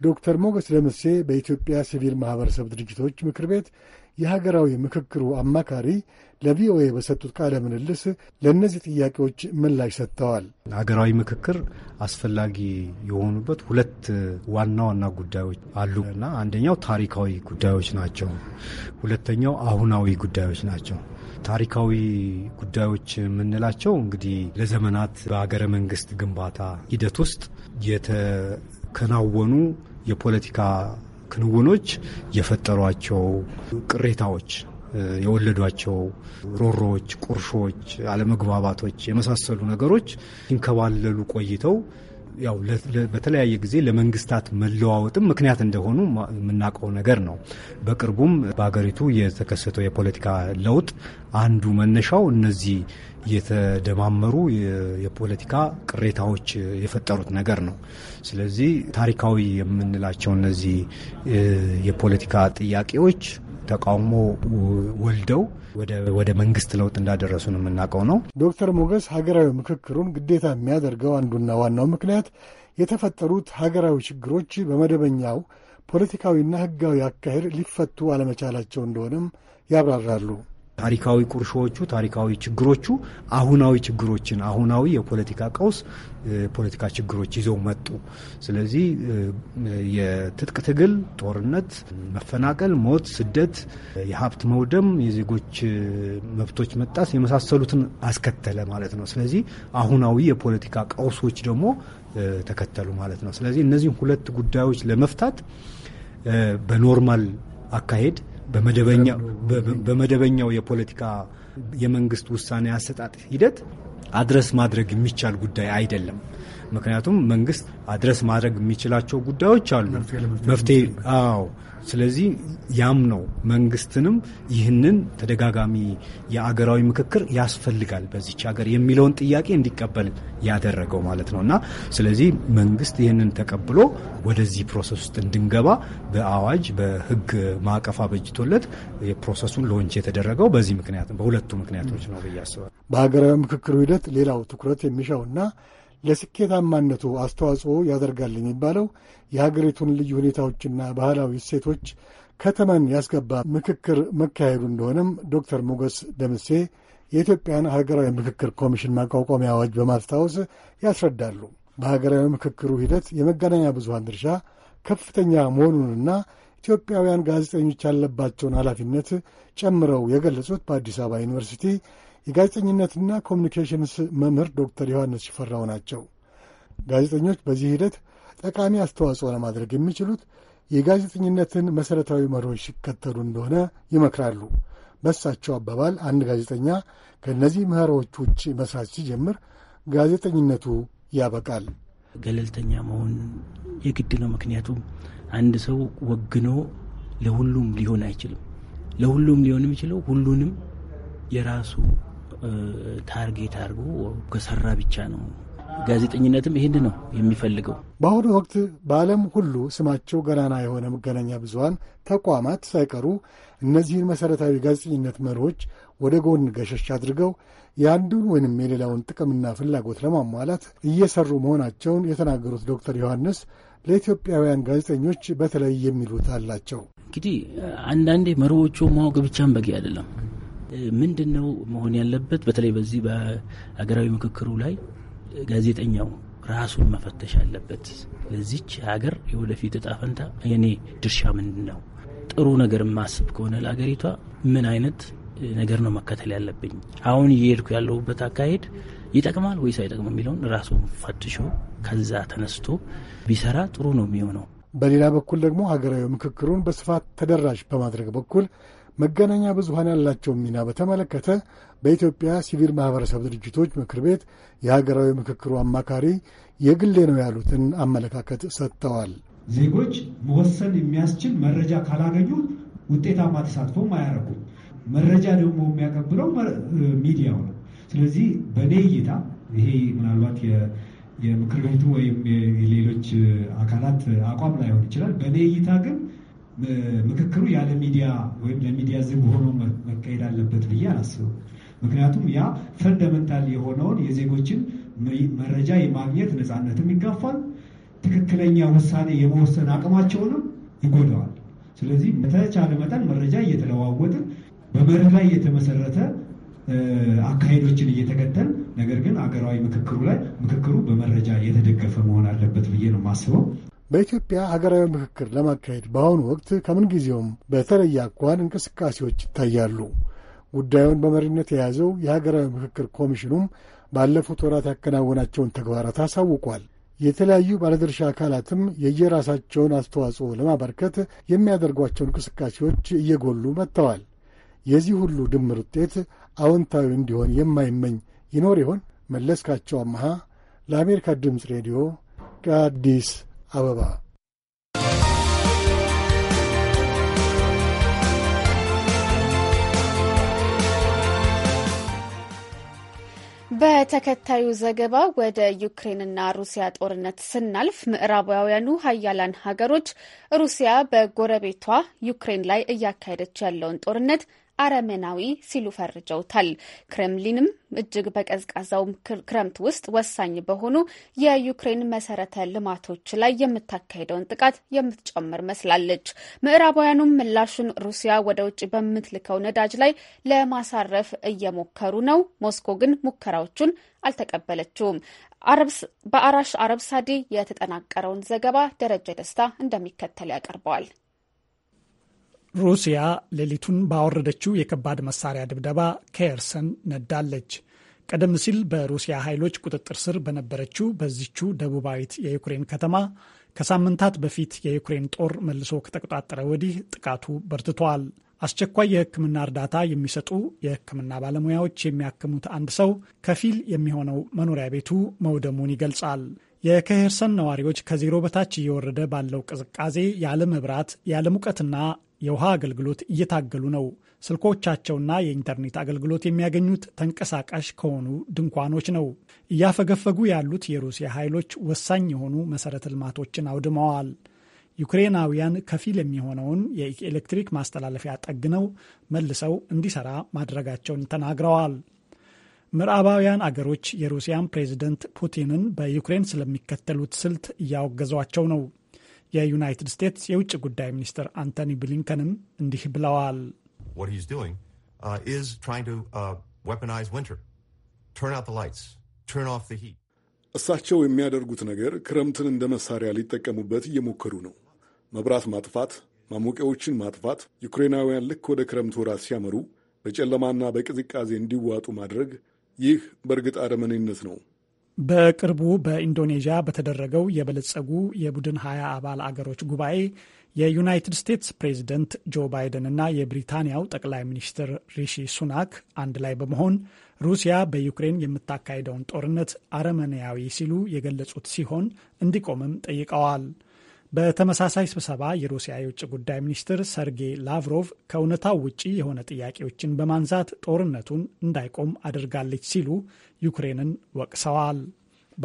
ዶክተር ሞገስ ደምሴ በኢትዮጵያ ሲቪል ማኅበረሰብ ድርጅቶች ምክር ቤት የሀገራዊ ምክክሩ አማካሪ ለቪኦኤ በሰጡት ቃለ ምልልስ ለእነዚህ ጥያቄዎች ምላሽ ሰጥተዋል። ሀገራዊ ምክክር አስፈላጊ የሆኑበት ሁለት ዋና ዋና ጉዳዮች አሉ እና አንደኛው ታሪካዊ ጉዳዮች ናቸው። ሁለተኛው አሁናዊ ጉዳዮች ናቸው። ታሪካዊ ጉዳዮች የምንላቸው እንግዲህ ለዘመናት በሀገረ መንግስት ግንባታ ሂደት ውስጥ የተከናወኑ የፖለቲካ ክንውኖች የፈጠሯቸው ቅሬታዎች የወለዷቸው ሮሮዎች፣ ቁርሾች፣ አለመግባባቶች የመሳሰሉ ነገሮች ሲንከባለሉ ቆይተው ያው በተለያየ ጊዜ ለመንግስታት መለዋወጥም ምክንያት እንደሆኑ የምናውቀው ነገር ነው። በቅርቡም በሀገሪቱ የተከሰተው የፖለቲካ ለውጥ አንዱ መነሻው እነዚህ የተደማመሩ የፖለቲካ ቅሬታዎች የፈጠሩት ነገር ነው። ስለዚህ ታሪካዊ የምንላቸው እነዚህ የፖለቲካ ጥያቄዎች ተቃውሞ ወልደው ወደ መንግስት ለውጥ እንዳደረሱን የምናውቀው ነው። ዶክተር ሞገስ ሀገራዊ ምክክሩን ግዴታ የሚያደርገው አንዱና ዋናው ምክንያት የተፈጠሩት ሀገራዊ ችግሮች በመደበኛው ፖለቲካዊና ሕጋዊ አካሄድ ሊፈቱ አለመቻላቸው እንደሆነም ያብራራሉ። ታሪካዊ ቁርሾዎቹ፣ ታሪካዊ ችግሮቹ አሁናዊ ችግሮችን አሁናዊ የፖለቲካ ቀውስ ፖለቲካ ችግሮች ይዘው መጡ። ስለዚህ የትጥቅ ትግል፣ ጦርነት፣ መፈናቀል፣ ሞት፣ ስደት፣ የሀብት መውደም፣ የዜጎች መብቶች መጣስ የመሳሰሉትን አስከተለ ማለት ነው። ስለዚህ አሁናዊ የፖለቲካ ቀውሶች ደግሞ ተከተሉ ማለት ነው። ስለዚህ እነዚህ ሁለት ጉዳዮች ለመፍታት በኖርማል አካሄድ በመደበኛው የፖለቲካ የመንግስት ውሳኔ አሰጣጥ ሂደት አድረስ ማድረግ የሚቻል ጉዳይ አይደለም። ምክንያቱም መንግስት አድረስ ማድረግ የሚችላቸው ጉዳዮች አሉ መፍትሄ። አዎ። ስለዚህ ያም ነው መንግስትንም ይህንን ተደጋጋሚ የአገራዊ ምክክር ያስፈልጋል በዚች ሀገር የሚለውን ጥያቄ እንዲቀበል ያደረገው ማለት ነው። እና ስለዚህ መንግስት ይህንን ተቀብሎ ወደዚህ ፕሮሰስ ውስጥ እንድንገባ በአዋጅ በህግ ማዕቀፍ አበጅቶለት የፕሮሰሱን ሎንች የተደረገው በዚህ ምክንያት በሁለቱ ምክንያቶች ነው ብዬ አስባለሁ። በሀገራዊ ምክክሩ ሂደት ሌላው ትኩረት የሚሻውና ለስኬታማነቱ አስተዋጽኦ ያደርጋል የሚባለው የሀገሪቱን ልዩ ሁኔታዎችና ባህላዊ እሴቶች ከተማን ያስገባ ምክክር መካሄዱ እንደሆነም ዶክተር ሞገስ ደምሴ የኢትዮጵያን ሀገራዊ ምክክር ኮሚሽን ማቋቋሚያ አዋጅ በማስታወስ ያስረዳሉ። በሀገራዊ ምክክሩ ሂደት የመገናኛ ብዙሀን ድርሻ ከፍተኛ መሆኑንና ኢትዮጵያውያን ጋዜጠኞች ያለባቸውን ኃላፊነት ጨምረው የገለጹት በአዲስ አበባ ዩኒቨርሲቲ የጋዜጠኝነትና ኮሚኒኬሽንስ መምህር ዶክተር ዮሐንስ ሽፈራው ናቸው። ጋዜጠኞች በዚህ ሂደት ጠቃሚ አስተዋጽኦ ለማድረግ የሚችሉት የጋዜጠኝነትን መሠረታዊ መርሆች ሲከተሉ እንደሆነ ይመክራሉ። በሳቸው አባባል አንድ ጋዜጠኛ ከእነዚህ መርሆች ውጭ መስራት ሲጀምር ጋዜጠኝነቱ ያበቃል። ገለልተኛ መሆን የግድ ነው። ምክንያቱም አንድ ሰው ወግኖ ለሁሉም ሊሆን አይችልም። ለሁሉም ሊሆን የሚችለው ሁሉንም የራሱ ታርጌት አድርጎ ከሰራ ብቻ ነው። ጋዜጠኝነትም ይህን ነው የሚፈልገው። በአሁኑ ወቅት በዓለም ሁሉ ስማቸው ገናና የሆነ መገናኛ ብዙሀን ተቋማት ሳይቀሩ እነዚህን መሠረታዊ ጋዜጠኝነት መርሆች ወደ ጎን ገሸሽ አድርገው የአንዱን ወይንም የሌላውን ጥቅምና ፍላጎት ለማሟላት እየሰሩ መሆናቸውን የተናገሩት ዶክተር ዮሐንስ ለኢትዮጵያውያን ጋዜጠኞች በተለይ የሚሉት አላቸው። እንግዲህ አንዳንዴ መርሆቹ ማወቅ ብቻም በቂ አይደለም። ምንድን ነው መሆን ያለበት? በተለይ በዚህ በሀገራዊ ምክክሩ ላይ ጋዜጠኛው ራሱን መፈተሽ አለበት። ለዚች ሀገር የወደፊት እጣ ፈንታ የኔ ድርሻ ምንድን ነው? ጥሩ ነገር ማስብ ከሆነ ለሀገሪቷ ምን አይነት ነገር ነው መከተል ያለብኝ? አሁን እየሄድኩ ያለሁበት አካሄድ ይጠቅማል ወይስ አይጠቅም የሚለውን ራሱ ፈትሾ ከዛ ተነስቶ ቢሰራ ጥሩ ነው የሚሆነው። በሌላ በኩል ደግሞ ሀገራዊ ምክክሩን በስፋት ተደራሽ በማድረግ በኩል መገናኛ ብዙሃን ያላቸውን ሚና በተመለከተ በኢትዮጵያ ሲቪል ማህበረሰብ ድርጅቶች ምክር ቤት የሀገራዊ ምክክሩ አማካሪ የግሌ ነው ያሉትን አመለካከት ሰጥተዋል። ዜጎች መወሰን የሚያስችል መረጃ ካላገኙ ውጤታማ ተሳትፎም አያረጉም። መረጃ ደግሞ የሚያቀብለው ሚዲያው ነው። ስለዚህ በእኔ እይታ ይሄ ምናልባት የምክር ቤቱ ወይም የሌሎች አካላት አቋም ላይሆን ይችላል። በእኔ እይታ ግን ምክክሩ ያለ ሚዲያ ወይም ለሚዲያ ዝግ ሆኖ መካሄድ አለበት ብዬ አላስብም። ምክንያቱም ያ ፈንደመንታል የሆነውን የዜጎችን መረጃ የማግኘት ነፃነትም ይጋፋል፣ ትክክለኛ ውሳኔ የመወሰን አቅማቸውንም ይጎዳዋል። ስለዚህ በተቻለ መጠን መረጃ እየተለዋወጥን በመርህ ላይ የተመሰረተ አካሄዶችን እየተከተል ነገር ግን አገራዊ ምክክሩ ላይ ምክክሩ በመረጃ የተደገፈ መሆን አለበት ብዬ ነው የማስበው። በኢትዮጵያ ሀገራዊ ምክክር ለማካሄድ በአሁኑ ወቅት ከምንጊዜውም በተለየ አኳን እንቅስቃሴዎች ይታያሉ። ጉዳዩን በመሪነት የያዘው የሀገራዊ ምክክር ኮሚሽኑም ባለፉት ወራት ያከናወናቸውን ተግባራት አሳውቋል። የተለያዩ ባለድርሻ አካላትም የየራሳቸውን አስተዋጽኦ ለማበርከት የሚያደርጓቸው እንቅስቃሴዎች እየጎሉ መጥተዋል። የዚህ ሁሉ ድምር ውጤት አዎንታዊ እንዲሆን የማይመኝ ይኖር ይሆን? መለስካቸው አመሃ ለአሜሪካ ድምፅ ሬዲዮ ከአዲስ አበባ በተከታዩ ዘገባ ወደ ዩክሬንና ሩሲያ ጦርነት ስናልፍ ምዕራባውያኑ ሀያላን ሀገሮች ሩሲያ በጎረቤቷ ዩክሬን ላይ እያካሄደች ያለውን ጦርነት አረመናዊ ሲሉ ፈርጀውታል። ክሬምሊንም እጅግ በቀዝቃዛው ክረምት ውስጥ ወሳኝ በሆኑ የዩክሬን መሰረተ ልማቶች ላይ የምታካሄደውን ጥቃት የምትጨምር መስላለች። ምዕራባውያኑም ምላሹን ሩሲያ ወደ ውጭ በምትልከው ነዳጅ ላይ ለማሳረፍ እየሞከሩ ነው። ሞስኮ ግን ሙከራዎቹን አልተቀበለችውም። በአራሽ አረብ ሳዴ የተጠናቀረውን ዘገባ ደረጃ ደስታ እንደሚከተል ያቀርበዋል። ሩሲያ ሌሊቱን ባወረደችው የከባድ መሳሪያ ድብደባ ከየርሰን ነዳለች። ቀደም ሲል በሩሲያ ኃይሎች ቁጥጥር ስር በነበረችው በዚቹ ደቡባዊት የዩክሬን ከተማ ከሳምንታት በፊት የዩክሬን ጦር መልሶ ከተቆጣጠረ ወዲህ ጥቃቱ በርትቷል። አስቸኳይ የሕክምና እርዳታ የሚሰጡ የሕክምና ባለሙያዎች የሚያክሙት አንድ ሰው ከፊል የሚሆነው መኖሪያ ቤቱ መውደሙን ይገልጻል። የከሄርሰን ነዋሪዎች ከዜሮ በታች እየወረደ ባለው ቅዝቃዜ ያለ መብራት ያለ ሙቀትና የውሃ አገልግሎት እየታገሉ ነው። ስልኮቻቸውና የኢንተርኔት አገልግሎት የሚያገኙት ተንቀሳቃሽ ከሆኑ ድንኳኖች ነው። እያፈገፈጉ ያሉት የሩሲያ ኃይሎች ወሳኝ የሆኑ መሰረተ ልማቶችን አውድመዋል። ዩክሬናውያን ከፊል የሚሆነውን የኤሌክትሪክ ማስተላለፊያ ጠግነው መልሰው እንዲሰራ ማድረጋቸውን ተናግረዋል። ምዕራባውያን አገሮች የሩሲያን ፕሬዚደንት ፑቲንን በዩክሬን ስለሚከተሉት ስልት እያወገዟቸው ነው። የዩናይትድ ስቴትስ የውጭ ጉዳይ ሚኒስትር አንቶኒ ብሊንከንም እንዲህ ብለዋል። uh, uh, እሳቸው የሚያደርጉት ነገር ክረምትን እንደ መሳሪያ ሊጠቀሙበት እየሞከሩ ነው። መብራት ማጥፋት፣ ማሞቂያዎችን ማጥፋት፣ ዩክሬናውያን ልክ ወደ ክረምት ወራት ሲያመሩ በጨለማና በቅዝቃዜ እንዲዋጡ ማድረግ፣ ይህ በእርግጥ አረመኔነት ነው። በቅርቡ በኢንዶኔዥያ በተደረገው የበለጸጉ የቡድን ሀያ አባል አገሮች ጉባኤ የዩናይትድ ስቴትስ ፕሬዚደንት ጆ ባይደን እና የብሪታንያው ጠቅላይ ሚኒስትር ሪሺ ሱናክ አንድ ላይ በመሆን ሩሲያ በዩክሬን የምታካሄደውን ጦርነት አረመኔያዊ ሲሉ የገለጹት ሲሆን እንዲቆምም ጠይቀዋል። በተመሳሳይ ስብሰባ የሩሲያ የውጭ ጉዳይ ሚኒስትር ሰርጌይ ላቭሮቭ ከእውነታው ውጪ የሆነ ጥያቄዎችን በማንሳት ጦርነቱን እንዳይቆም አድርጋለች ሲሉ ዩክሬንን ወቅሰዋል።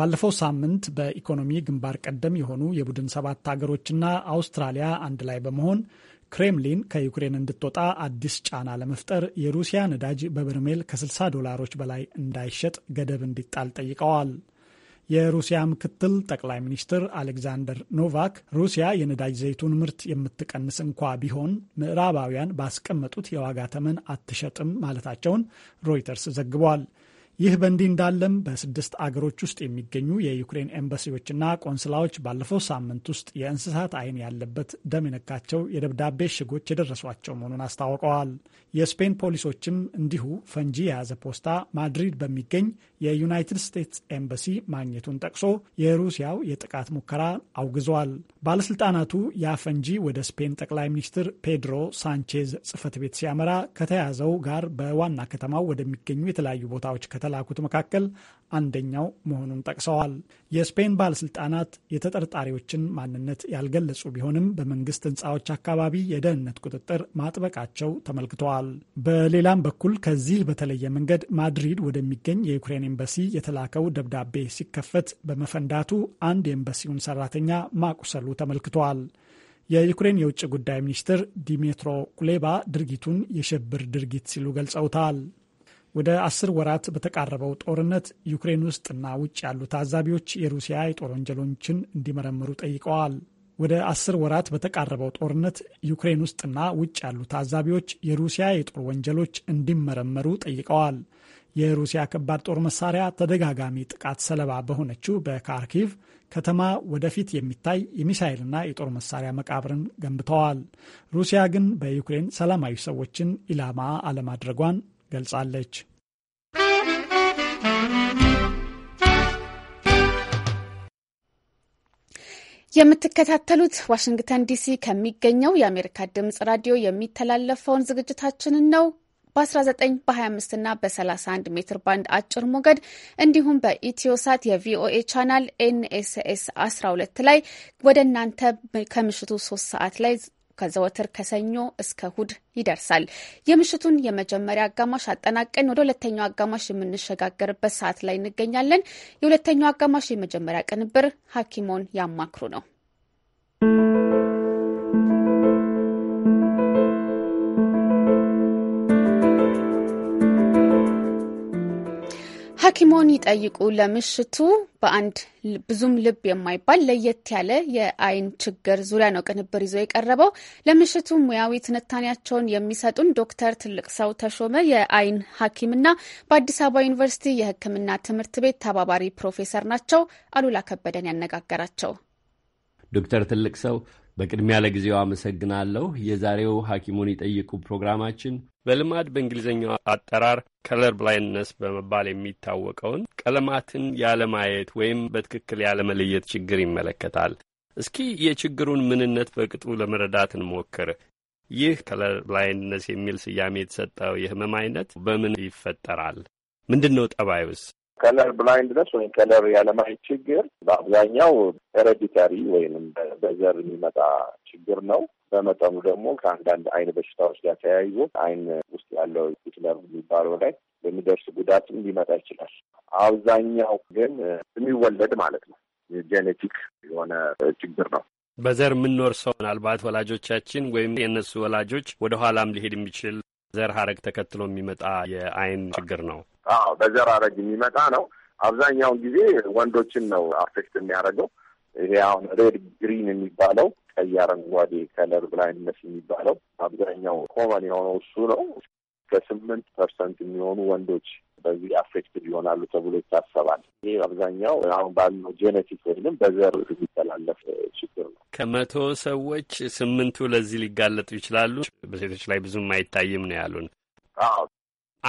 ባለፈው ሳምንት በኢኮኖሚ ግንባር ቀደም የሆኑ የቡድን ሰባት ሀገሮችና አውስትራሊያ አንድ ላይ በመሆን ክሬምሊን ከዩክሬን እንድትወጣ አዲስ ጫና ለመፍጠር የሩሲያ ነዳጅ በበርሜል ከ60 ዶላሮች በላይ እንዳይሸጥ ገደብ እንዲጣል ጠይቀዋል። የሩሲያ ምክትል ጠቅላይ ሚኒስትር አሌክዛንደር ኖቫክ ሩሲያ የነዳጅ ዘይቱን ምርት የምትቀንስ እንኳ ቢሆን ምዕራባውያን ባስቀመጡት የዋጋ ተመን አትሸጥም ማለታቸውን ሮይተርስ ዘግቧል። ይህ በእንዲህ እንዳለም በስድስት አገሮች ውስጥ የሚገኙ የዩክሬን ኤምባሲዎችና ቆንስላዎች ባለፈው ሳምንት ውስጥ የእንስሳት ዓይን ያለበት ደም የነካቸው የደብዳቤ እሽጎች የደረሷቸው መሆኑን አስታውቀዋል። የስፔን ፖሊሶችም እንዲሁ ፈንጂ የያዘ ፖስታ ማድሪድ በሚገኝ የዩናይትድ ስቴትስ ኤምባሲ ማግኘቱን ጠቅሶ የሩሲያው የጥቃት ሙከራ አውግዟል። ባለስልጣናቱ ያ ፈንጂ ወደ ስፔን ጠቅላይ ሚኒስትር ፔድሮ ሳንቼዝ ጽህፈት ቤት ሲያመራ ከተያዘው ጋር በዋና ከተማው ወደሚገኙ የተለያዩ ቦታዎች ከተላኩት መካከል አንደኛው መሆኑን ጠቅሰዋል። የስፔን ባለስልጣናት የተጠርጣሪዎችን ማንነት ያልገለጹ ቢሆንም በመንግስት ህንፃዎች አካባቢ የደህንነት ቁጥጥር ማጥበቃቸው ተመልክተዋል። በሌላም በኩል ከዚህ በተለየ መንገድ ማድሪድ ወደሚገኝ የዩክሬን ኤምባሲ የተላከው ደብዳቤ ሲከፈት በመፈንዳቱ አንድ የኤምባሲውን ሰራተኛ ማቁሰሉ ተመልክተዋል። የዩክሬን የውጭ ጉዳይ ሚኒስትር ዲሜትሮ ኩሌባ ድርጊቱን የሽብር ድርጊት ሲሉ ገልጸውታል። ወደ አስር ወራት በተቃረበው ጦርነት ዩክሬን ውስጥና ውጭ ያሉ ታዛቢዎች የሩሲያ የጦር ወንጀሎችን እንዲመረምሩ ጠይቀዋል። ወደ አስር ወራት በተቃረበው ጦርነት ዩክሬን ውስጥና ውጭ ያሉ ታዛቢዎች የሩሲያ የጦር ወንጀሎች እንዲመረመሩ ጠይቀዋል። የሩሲያ ከባድ ጦር መሳሪያ ተደጋጋሚ ጥቃት ሰለባ በሆነችው በካርኪቭ ከተማ ወደፊት የሚታይ የሚሳይልና የጦር መሳሪያ መቃብርን ገንብተዋል። ሩሲያ ግን በዩክሬን ሰላማዊ ሰዎችን ኢላማ አለማድረጓን ገልጻለች። የምትከታተሉት ዋሽንግተን ዲሲ ከሚገኘው የአሜሪካ ድምጽ ራዲዮ የሚተላለፈውን ዝግጅታችንን ነው። በ19 በ25 እና በ31 ሜትር ባንድ አጭር ሞገድ እንዲሁም በኢትዮሳት የቪኦኤ ቻናል ኤንኤስኤስ 12 ላይ ወደ እናንተ ከምሽቱ 3 ሰዓት ላይ ከዘወትር ከሰኞ እስከ እሁድ ይደርሳል። የምሽቱን የመጀመሪያ አጋማሽ አጠናቀን ወደ ሁለተኛው አጋማሽ የምንሸጋገርበት ሰዓት ላይ እንገኛለን። የሁለተኛው አጋማሽ የመጀመሪያ ቅንብር ሐኪሞን ያማክሩ ነው። ሐኪሞን ይጠይቁ ለምሽቱ በአንድ ብዙም ልብ የማይባል ለየት ያለ የአይን ችግር ዙሪያ ነው ቅንብር ይዞ የቀረበው። ለምሽቱ ሙያዊ ትንታኔያቸውን የሚሰጡን ዶክተር ትልቅ ሰው ተሾመ የአይን ሐኪምና በአዲስ አበባ ዩኒቨርሲቲ የሕክምና ትምህርት ቤት ተባባሪ ፕሮፌሰር ናቸው። አሉላ ከበደን ያነጋገራቸው። ዶክተር ትልቅ ሰው በቅድሚያ ለጊዜው አመሰግናለሁ። የዛሬው ሀኪሙን ይጠይቁ ፕሮግራማችን በልማድ በእንግሊዝኛው አጠራር ከለር ብላይንድነስ በመባል የሚታወቀውን ቀለማትን ያለማየት ወይም በትክክል ያለመለየት ችግር ይመለከታል። እስኪ የችግሩን ምንነት በቅጡ ለመረዳት እንሞክር። ይህ ከለር ብላይንድነስ የሚል ስያሜ የተሰጠው የህመም አይነት በምን ይፈጠራል? ምንድን ነው ጠባዩስ? ከለር ብላይንድነስ ወይም ከለር ያለማየት ችግር በአብዛኛው ሄሬዲታሪ ወይም በዘር የሚመጣ ችግር ነው። በመጠኑ ደግሞ ከአንዳንድ አይን በሽታዎች ጋር ተያይዞ አይን ውስጥ ያለው ሂትለር የሚባለው ላይ የሚደርስ ጉዳትም ሊመጣ ይችላል። አብዛኛው ግን የሚወለድ ማለት ነው፣ የጄኔቲክ የሆነ ችግር ነው። በዘር የምንኖር ሰው ምናልባት ወላጆቻችን ወይም የእነሱ ወላጆች ወደ ኋላም ሊሄድ የሚችል ዘር ሀረግ ተከትሎ የሚመጣ የአይን ችግር ነው። አዎ፣ በዘር ሀረግ የሚመጣ ነው። አብዛኛውን ጊዜ ወንዶችን ነው አፌክት የሚያደርገው። ይሄ አሁን ሬድ ግሪን የሚባለው ቀይ አረንጓዴ ከለር ብላይንድነስ የሚባለው አብዛኛው ኮመን የሆነው እሱ ነው። ከስምንት ፐርሰንት የሚሆኑ ወንዶች በዚህ አፌክትድ ይሆናሉ ተብሎ ይታሰባል። ይህ አብዛኛው አሁን ባለው ጄኔቲክ ወይም በዘር የሚተላለፍ ችግር ነው። ከመቶ ሰዎች ስምንቱ ለዚህ ሊጋለጡ ይችላሉ። በሴቶች ላይ ብዙም አይታይም ነው ያሉን።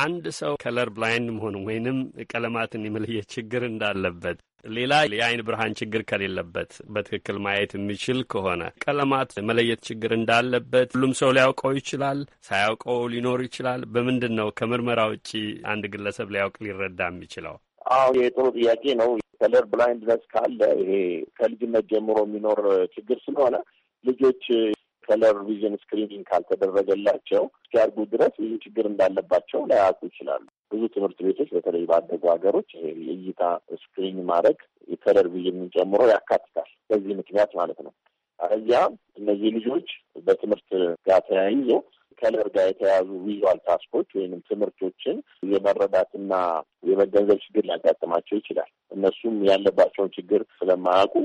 አንድ ሰው ከለር ብላይንድ መሆኑ ወይንም ቀለማትን የመለየት ችግር እንዳለበት ሌላ የአይን ብርሃን ችግር ከሌለበት በትክክል ማየት የሚችል ከሆነ ቀለማት መለየት ችግር እንዳለበት ሁሉም ሰው ሊያውቀው ይችላል፣ ሳያውቀው ሊኖር ይችላል። በምንድን ነው ከምርመራ ውጪ አንድ ግለሰብ ሊያውቅ ሊረዳ የሚችለው? አዎ ጥሩ ጥያቄ ነው። ከለር ብላይንድነስ ካለ ይሄ ከልጅነት ጀምሮ የሚኖር ችግር ስለሆነ ልጆች ከለር ቪዥን ስክሪኒንግ ካልተደረገላቸው እስኪያድጉ ድረስ ይህ ችግር እንዳለባቸው ላያውቁ ይችላሉ። ብዙ ትምህርት ቤቶች በተለይ ባደጉ ሀገሮች የእይታ ስክሪን ማድረግ የቴሌቪዥንን ጨምሮ ያካትታል። በዚህ ምክንያት ማለት ነው። አለዚያ እነዚህ ልጆች በትምህርት ጋር ተያይዞ ከለር ጋር የተያዙ ቪዥዋል ታስኮች ወይም ትምህርቶችን የመረዳትና የመገንዘብ ችግር ሊያጋጥማቸው ይችላል። እነሱም ያለባቸውን ችግር ስለማያውቁ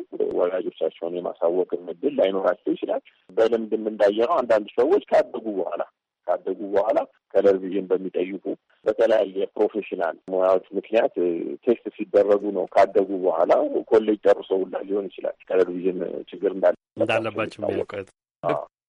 ወላጆቻቸውን የማሳወቅ እድል ላይኖራቸው ይችላል። በልምድም እንዳየነው አንዳንድ ሰዎች ካደጉ በኋላ ካደጉ በኋላ ቴሌቪዥን በሚጠይቁ በተለያየ ፕሮፌሽናል ሙያዎች ምክንያት ቴስት ሲደረጉ ነው። ካደጉ በኋላ ኮሌጅ ጨርሰው ሊሆን ይችላል ቴሌቪዥን ችግር እንዳለ እንዳለባቸው የሚያውቀት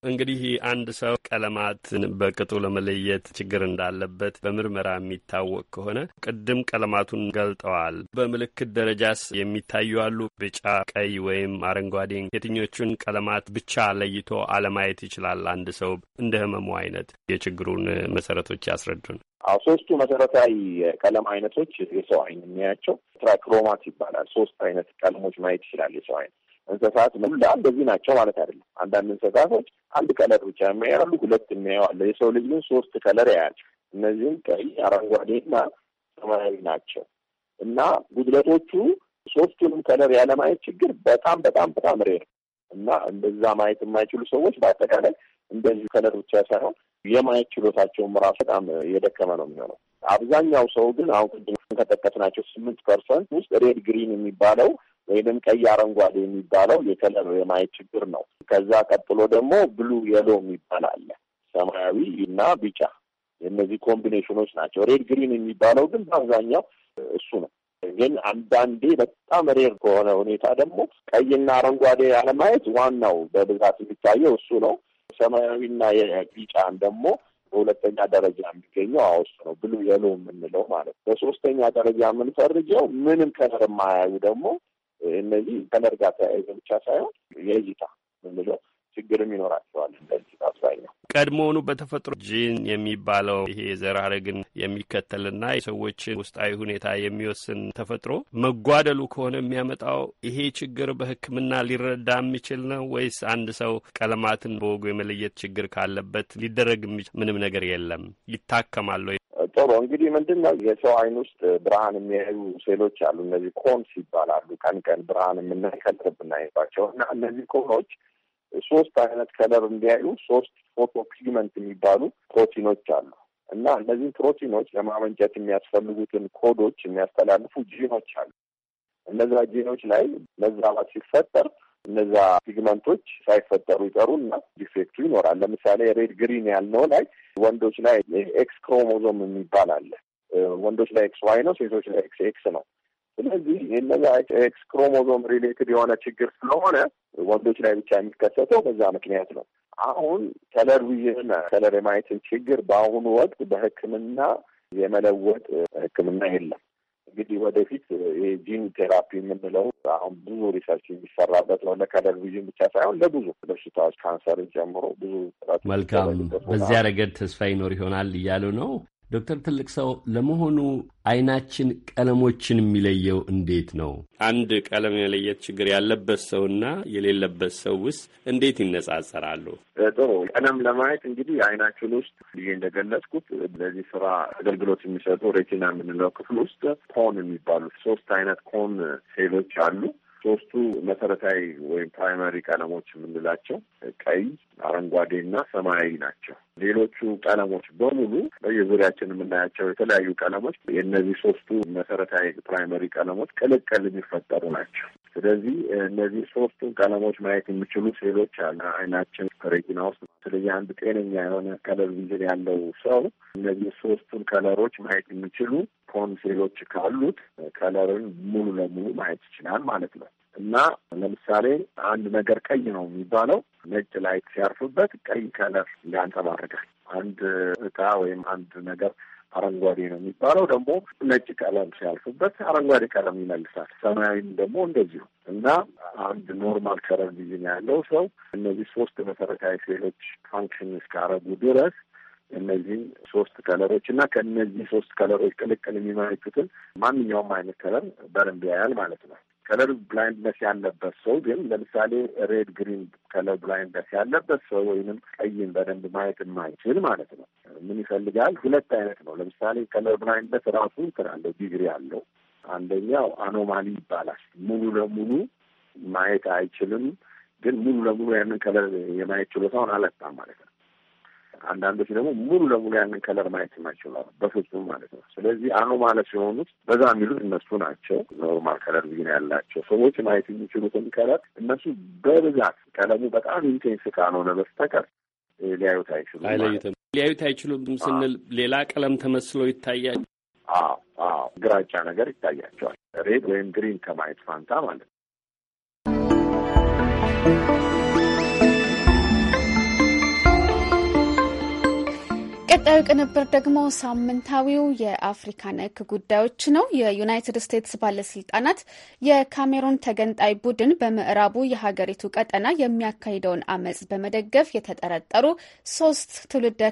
እንግዲህ አንድ ሰው ቀለማትን በቅጡ ለመለየት ችግር እንዳለበት በምርመራ የሚታወቅ ከሆነ ቅድም ቀለማቱን ገልጠዋል። በምልክት ደረጃስ የሚታዩ አሉ። ቢጫ፣ ቀይ ወይም አረንጓዴ የትኞቹን ቀለማት ብቻ ለይቶ አለማየት ይችላል? አንድ ሰው እንደ ህመሙ አይነት የችግሩን መሰረቶች ያስረዱን። ሶስቱ መሰረታዊ የቀለም አይነቶች የሰው አይን የሚያያቸው ትራክሮማት ይባላል። ሶስት አይነት ቀለሞች ማየት ይችላል የሰው አይን። እንስሳት መላ እንደዚህ ናቸው ማለት አይደለም። አንዳንድ እንስሳቶች አንድ ከለር ብቻ የሚያያሉ፣ ሁለት የሚያየዋለ። የሰው ልጅ ግን ሶስት ከለር ያያል። እነዚህም ቀይ፣ አረንጓዴና ሰማያዊ ናቸው እና ጉድለቶቹ ሶስቱንም ከለር ያለማየት ችግር በጣም በጣም በጣም ሬር እና እንደዛ ማየት የማይችሉ ሰዎች በአጠቃላይ እንደዚህ ከለር ብቻ ሳይሆን የማየት ችሎታቸውም ራሱ በጣም የደከመ ነው የሚሆነው። አብዛኛው ሰው ግን አሁን ቅድም ከጠቀስናቸው ስምንት ፐርሰንት ውስጥ ሬድ ግሪን የሚባለው ወይንም ቀይ አረንጓዴ የሚባለው የከለር የማየት ችግር ነው። ከዛ ቀጥሎ ደግሞ ብሉ የሎ የሚባል አለ። ሰማያዊ እና ቢጫ እነዚህ ኮምቢኔሽኖች ናቸው። ሬድ ግሪን የሚባለው ግን በአብዛኛው እሱ ነው። ግን አንዳንዴ በጣም ሬር ከሆነ ሁኔታ ደግሞ ቀይና አረንጓዴ አለማየት ዋናው በብዛት የሚታየው እሱ ነው። ሰማያዊና የቢጫን ደግሞ በሁለተኛ ደረጃ የሚገኘው አውስ ነው፣ ብሉ የሎ የምንለው ማለት ነው። በሶስተኛ ደረጃ የምንፈርጀው ምንም ከለር የማያዩ ደግሞ እነዚህ ከመርጋ ተያይዘ ብቻ ሳይሆን የእይታ ምንለው ችግርም ይኖራቸዋል። እንደዚህ አብዛኛው ቀድሞውኑ በተፈጥሮ ጂን የሚባለው ይሄ የዘር ሐረግን የሚከተልና የሰዎችን ውስጣዊ ሁኔታ የሚወስን ተፈጥሮ መጓደሉ ከሆነ የሚያመጣው ይሄ ችግር በሕክምና ሊረዳ የሚችል ነው ወይስ አንድ ሰው ቀለማትን በወጉ የመለየት ችግር ካለበት ሊደረግ ምንም ነገር የለም ይታከማል? ጥሩ እንግዲህ ምንድን ነው የሰው አይን ውስጥ ብርሃን የሚያዩ ሴሎች አሉ። እነዚህ ኮንስ ይባላሉ። ቀን ቀን ብርሃን የምናይ ከለር ብናይባቸው እና እነዚህ ኮኖች ሶስት አይነት ከለር እንዲያዩ ሶስት ፎቶ ፒግመንት የሚባሉ ፕሮቲኖች አሉ እና እነዚህን ፕሮቲኖች ለማመንጨት የሚያስፈልጉትን ኮዶች የሚያስተላልፉ ጂኖች አሉ። እነዛ ጂኖች ላይ መዛባት ሲፈጠር እነዛ ፒግመንቶች ሳይፈጠሩ እና ዲፌክቱ ይኖራል። ለምሳሌ ሬድ ግሪን ያልነው ላይ ወንዶች ላይ ኤክስ ክሮሞዞም የሚባል አለ። ወንዶች ላይ ኤክስ ዋይ ነው፣ ሴቶች ላይ ኤክስ ኤክስ ነው። ስለዚህ እነዛ ኤክስ ክሮሞዞም ሪሌትድ የሆነ ችግር ስለሆነ ወንዶች ላይ ብቻ የሚከሰተው በዛ ምክንያት ነው። አሁን ከለር ቪዥን ከለር የማየትን ችግር በአሁኑ ወቅት በሕክምና የመለወጥ ሕክምና የለም። እንግዲህ ወደፊት የጂን ቴራፒ የምንለው አሁን ብዙ ሪሰርች የሚሰራበት ነው። ለከለር ቪዥን ብቻ ሳይሆን ለብዙ በሽታዎች ካንሰርን ጨምሮ ብዙ መልካም፣ በዚያ ረገድ ተስፋ ይኖር ይሆናል እያሉ ነው። ዶክተር ትልቅ ሰው ለመሆኑ አይናችን ቀለሞችን የሚለየው እንዴት ነው? አንድ ቀለም የለየት ችግር ያለበት ሰውና የሌለበት ሰው ውስጥ እንዴት ይነጻጸራሉ? ጥሩ ቀለም ለማየት እንግዲህ አይናችን ውስጥ ብዬ እንደገለጽኩት ለዚህ ስራ አገልግሎት የሚሰጡ ሬቲና የምንለው ክፍል ውስጥ ኮን የሚባሉ ሶስት አይነት ኮን ሴሎች አሉ። ሶስቱ መሰረታዊ ወይም ፕራይማሪ ቀለሞች የምንላቸው ቀይ፣ እና ሰማያዊ ናቸው። ሌሎቹ ቀለሞች በሙሉ በየዙሪያችን የምናያቸው የተለያዩ ቀለሞች የእነዚህ ሶስቱ መሰረታዊ ፕራይመሪ ቀለሞች ቅልቅል የሚፈጠሩ ናቸው። ስለዚህ እነዚህ ሶስቱን ቀለሞች ማየት የሚችሉ ሴሎች አለ አይናችን ሬቲና ውስጥ። ስለዚህ አንድ ጤነኛ የሆነ ከለር ቪዥን ያለው ሰው እነዚህ ሶስቱን ከለሮች ማየት የሚችሉ ኮን ሴሎች ካሉት ከለርን ሙሉ ለሙሉ ማየት ይችላል ማለት ነው። እና ለምሳሌ አንድ ነገር ቀይ ነው የሚባለው ነጭ ላይት ሲያርፍበት ቀይ ከለር ያንጸባርቃል። አንድ እቃ ወይም አንድ ነገር አረንጓዴ ነው የሚባለው ደግሞ ነጭ ቀለም ሲያልፍበት አረንጓዴ ቀለም ይመልሳል። ሰማያዊም ደግሞ እንደዚሁ እና አንድ ኖርማል ከለር ቪዥን ያለው ሰው እነዚህ ሶስት መሰረታዊ ሴሎች ፋንክሽን እስካረጉ ድረስ እነዚህም ሶስት ከለሮች እና ከእነዚህ ሶስት ከለሮች ቅልቅል የሚመለክትን ማንኛውም አይነት ከለር በደንብ ያያል ማለት ነው። ከለር ብላይንድነስ ያለበት ሰው ግን ለምሳሌ ሬድ ግሪን ከለር ብላይንድነስ ያለበት ሰው ወይንም ቀይን በደንብ ማየት የማይችል ማለት ነው። ምን ይፈልጋል? ሁለት አይነት ነው። ለምሳሌ ከለር ብላይንድነስ ራሱ እንትን አለው፣ ዲግሪ አለው። አንደኛው አኖማሊ ይባላል። ሙሉ ለሙሉ ማየት አይችልም፣ ግን ሙሉ ለሙሉ ያንን ከለር የማየት ችሎታውን አለጣ ማለት ነው። አንዳንዶች ደግሞ ሙሉ ለሙሉ ያንን ከለር ማየት የማይችሉ በፍጹም ማለት ነው። ስለዚህ አኖ ማለት ሲሆኑት በዛ የሚሉት እነሱ ናቸው። ኖርማል ከለር ቪዥን ያላቸው ሰዎች ማየት የሚችሉትን ከለር እነሱ በብዛት ቀለሙ በጣም ኢንቴንስ ካልሆነ በስተቀር ሊያዩት አይችሉም። አይለዩትም። ሊያዩት አይችሉም ስንል ሌላ ቀለም ተመስሎ ይታያል። አዎ አዎ፣ ግራጫ ነገር ይታያቸዋል። ሬድ ወይም ግሪን ከማየት ፋንታ ማለት ነው። ቀጣዩ ቅንብር ደግሞ ሳምንታዊው የአፍሪካ ነክ ጉዳዮች ነው። የዩናይትድ ስቴትስ ባለስልጣናት የካሜሩን ተገንጣይ ቡድን በምዕራቡ የሀገሪቱ ቀጠና የሚያካሂደውን አመጽ በመደገፍ የተጠረጠሩ ሶስት ትውልደ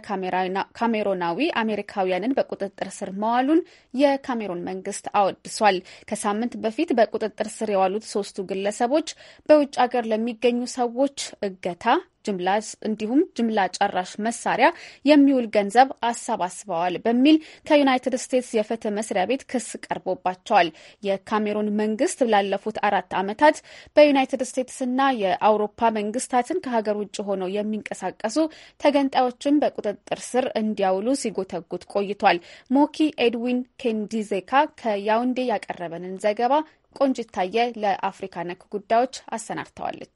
ካሜሮናዊ አሜሪካውያንን በቁጥጥር ስር መዋሉን የካሜሩን መንግስት አወድሷል። ከሳምንት በፊት በቁጥጥር ስር የዋሉት ሶስቱ ግለሰቦች በውጭ ሀገር ለሚገኙ ሰዎች እገታ ጅምላ እንዲሁም ጅምላ ጨራሽ መሳሪያ የሚውል ገንዘብ አሰባስበዋል በሚል ከዩናይትድ ስቴትስ የፍትህ መስሪያ ቤት ክስ ቀርቦባቸዋል። የካሜሩን መንግስት ላለፉት አራት ዓመታት በዩናይትድ ስቴትስና የአውሮፓ መንግስታትን ከሀገር ውጭ ሆነው የሚንቀሳቀሱ ተገንጣዮችን በቁጥጥር ስር እንዲያውሉ ሲጎተጉት ቆይቷል። ሞኪ ኤድዊን ኬንዲዜካ ከያውንዴ ያቀረበንን ዘገባ ቆንጅታየ ታየ ለአፍሪካ ነክ ጉዳዮች አሰናድተዋለች።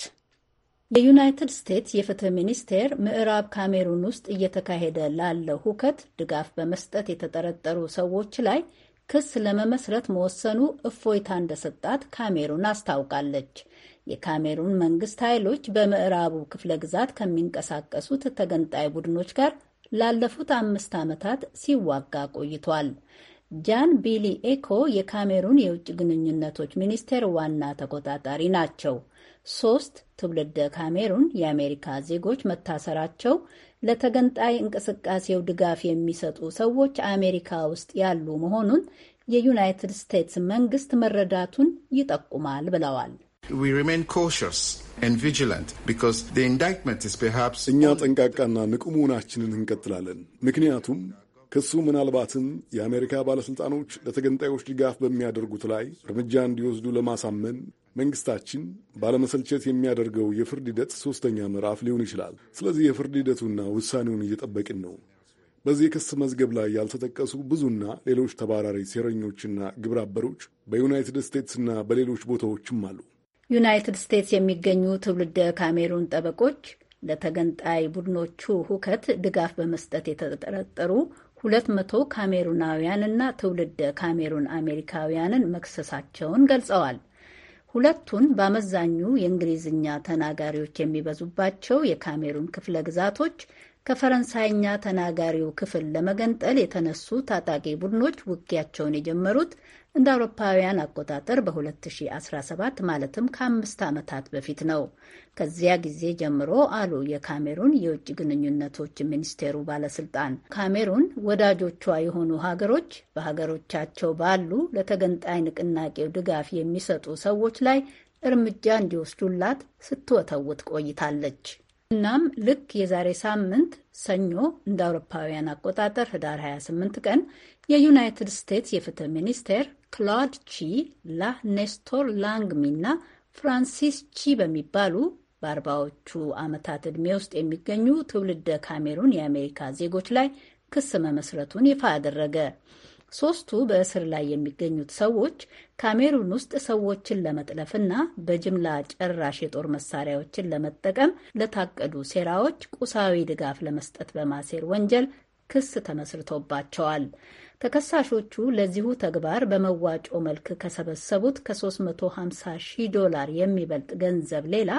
የዩናይትድ ስቴትስ የፍትህ ሚኒስቴር ምዕራብ ካሜሩን ውስጥ እየተካሄደ ላለው ሁከት ድጋፍ በመስጠት የተጠረጠሩ ሰዎች ላይ ክስ ለመመስረት መወሰኑ እፎይታ እንደሰጣት ካሜሩን አስታውቃለች። የካሜሩን መንግስት ኃይሎች በምዕራቡ ክፍለ ግዛት ከሚንቀሳቀሱት ተገንጣይ ቡድኖች ጋር ላለፉት አምስት ዓመታት ሲዋጋ ቆይቷል። ጃን ቢሊ ኤኮ የካሜሩን የውጭ ግንኙነቶች ሚኒስቴር ዋና ተቆጣጣሪ ናቸው። ሶስት ትውልደ ካሜሩን የአሜሪካ ዜጎች መታሰራቸው ለተገንጣይ እንቅስቃሴው ድጋፍ የሚሰጡ ሰዎች አሜሪካ ውስጥ ያሉ መሆኑን የዩናይትድ ስቴትስ መንግስት መረዳቱን ይጠቁማል ብለዋል። እኛ ጠንቃቃና ንቁ መሆናችንን እንቀጥላለን። ምክንያቱም ክሱ ምናልባትም የአሜሪካ ባለሥልጣኖች ለተገንጣዮች ድጋፍ በሚያደርጉት ላይ እርምጃ እንዲወስዱ ለማሳመን መንግስታችን ባለመሰልቸት የሚያደርገው የፍርድ ሂደት ሶስተኛ ምዕራፍ ሊሆን ይችላል። ስለዚህ የፍርድ ሂደቱና ውሳኔውን እየጠበቅን ነው። በዚህ የክስ መዝገብ ላይ ያልተጠቀሱ ብዙና ሌሎች ተባራሪ ሴረኞችና ግብረ አበሮች በዩናይትድ ስቴትስና በሌሎች ቦታዎችም አሉ። ዩናይትድ ስቴትስ የሚገኙ ትውልደ ካሜሩን ጠበቆች ለተገንጣይ ቡድኖቹ ሁከት ድጋፍ በመስጠት የተጠረጠሩ ሁለት መቶ ካሜሩናውያንና ትውልደ ካሜሩን አሜሪካውያንን መክሰሳቸውን ገልጸዋል። ሁለቱን በአመዛኙ የእንግሊዝኛ ተናጋሪዎች የሚበዙባቸው የካሜሩን ክፍለ ግዛቶች ከፈረንሳይኛ ተናጋሪው ክፍል ለመገንጠል የተነሱ ታጣቂ ቡድኖች ውጊያቸውን የጀመሩት እንደ አውሮፓውያን አቆጣጠር በ2017 ማለትም ከአምስት ዓመታት በፊት ነው። ከዚያ ጊዜ ጀምሮ አሉ የካሜሩን የውጭ ግንኙነቶች ሚኒስቴሩ ባለስልጣን፣ ካሜሩን ወዳጆቿ የሆኑ ሀገሮች በሀገሮቻቸው ባሉ ለተገንጣይ ንቅናቄው ድጋፍ የሚሰጡ ሰዎች ላይ እርምጃ እንዲወስዱላት ስትወተውት ቆይታለች። እናም ልክ የዛሬ ሳምንት ሰኞ እንደ አውሮፓውያን አቆጣጠር ህዳር 28 ቀን የዩናይትድ ስቴትስ የፍትህ ሚኒስቴር ክላድ ቺ፣ ላ ኔስቶር ላንግሚ እና ፍራንሲስ ቺ በሚባሉ በአርባዎቹ ዓመታት ዕድሜ ውስጥ የሚገኙ ትውልደ ካሜሩን የአሜሪካ ዜጎች ላይ ክስ መመስረቱን ይፋ አደረገ። ሶስቱ በእስር ላይ የሚገኙት ሰዎች ካሜሩን ውስጥ ሰዎችን ለመጥለፍና በጅምላ ጨራሽ የጦር መሳሪያዎችን ለመጠቀም ለታቀዱ ሴራዎች ቁሳዊ ድጋፍ ለመስጠት በማሴር ወንጀል ክስ ተመስርቶባቸዋል። ተከሳሾቹ ለዚሁ ተግባር በመዋጮ መልክ ከሰበሰቡት ከ350 ሺህ ዶላር የሚበልጥ ገንዘብ ሌላ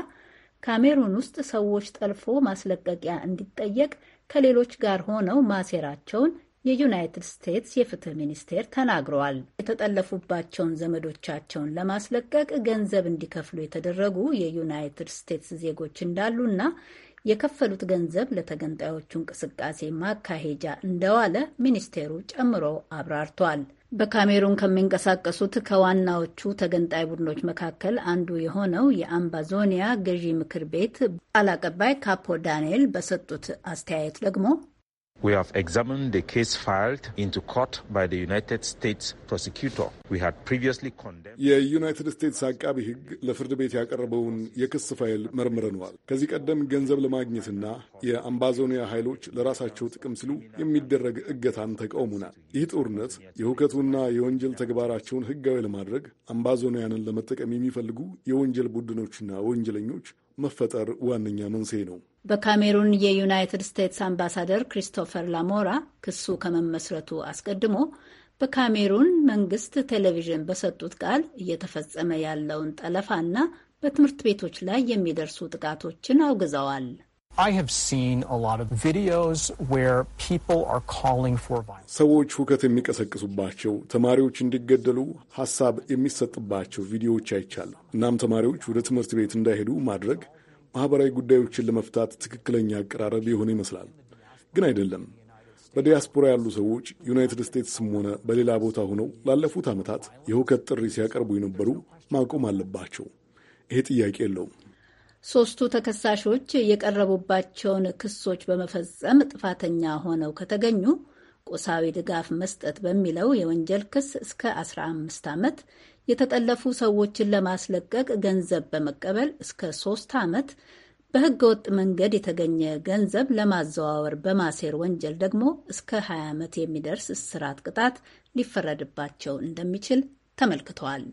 ካሜሩን ውስጥ ሰዎች ጠልፎ ማስለቀቂያ እንዲጠየቅ ከሌሎች ጋር ሆነው ማሴራቸውን የዩናይትድ ስቴትስ የፍትህ ሚኒስቴር ተናግረዋል። የተጠለፉባቸውን ዘመዶቻቸውን ለማስለቀቅ ገንዘብ እንዲከፍሉ የተደረጉ የዩናይትድ ስቴትስ ዜጎች እንዳሉና የከፈሉት ገንዘብ ለተገንጣዮቹ እንቅስቃሴ ማካሄጃ እንደዋለ ሚኒስቴሩ ጨምሮ አብራርቷል። በካሜሩን ከሚንቀሳቀሱት ከዋናዎቹ ተገንጣይ ቡድኖች መካከል አንዱ የሆነው የአምባዞኒያ ገዢ ምክር ቤት ቃል አቀባይ ካፖ ዳንኤል በሰጡት አስተያየት ደግሞ We have examined the case filed into court by the United States prosecutor. We had previously condemned የዩናይትድ ስቴትስ አቃቢ ሕግ ለፍርድ ቤት ያቀረበውን የክስ ፋይል መርምረነዋል። ከዚህ ቀደም ገንዘብ ለማግኘትና የአምባዞኒያ ኃይሎች ለራሳቸው ጥቅም ሲሉ የሚደረግ እገታን ተቃውሞናል። ይህ ጦርነት የሁከቱና የወንጀል ተግባራቸውን ሕጋዊ ለማድረግ አምባዞኒያንን ለመጠቀም የሚፈልጉ የወንጀል ቡድኖችና ወንጀለኞች መፈጠር ዋነኛ መንስኤ ነው። በካሜሩን የዩናይትድ ስቴትስ አምባሳደር ክሪስቶፈር ላሞራ ክሱ ከመመስረቱ አስቀድሞ በካሜሩን መንግስት ቴሌቪዥን በሰጡት ቃል እየተፈጸመ ያለውን ጠለፋና በትምህርት ቤቶች ላይ የሚደርሱ ጥቃቶችን አውግዘዋል። ሰዎች ሁከት የሚቀሰቅሱባቸው፣ ተማሪዎች እንዲገደሉ ሀሳብ የሚሰጥባቸው ቪዲዮዎች አይቻለሁ። እናም ተማሪዎች ወደ ትምህርት ቤት እንዳይሄዱ ማድረግ ማኅበራዊ ጉዳዮችን ለመፍታት ትክክለኛ አቀራረብ የሆነ ይመስላል፣ ግን አይደለም። በዲያስፖራ ያሉ ሰዎች ዩናይትድ ስቴትስም ሆነ በሌላ ቦታ ሆነው ላለፉት ዓመታት የሁከት ጥሪ ሲያቀርቡ የነበሩ ማቆም አለባቸው። ይሄ ጥያቄ የለውም። ሶስቱ ተከሳሾች የቀረቡባቸውን ክሶች በመፈጸም ጥፋተኛ ሆነው ከተገኙ ቁሳዊ ድጋፍ መስጠት በሚለው የወንጀል ክስ እስከ 15 ዓመት የተጠለፉ ሰዎችን ለማስለቀቅ ገንዘብ በመቀበል እስከ ሶስት ዓመት በህገወጥ መንገድ የተገኘ ገንዘብ ለማዘዋወር በማሴር ወንጀል ደግሞ እስከ 20 ዓመት የሚደርስ እስራት ቅጣት ሊፈረድባቸው እንደሚችል ተመልክተዋል።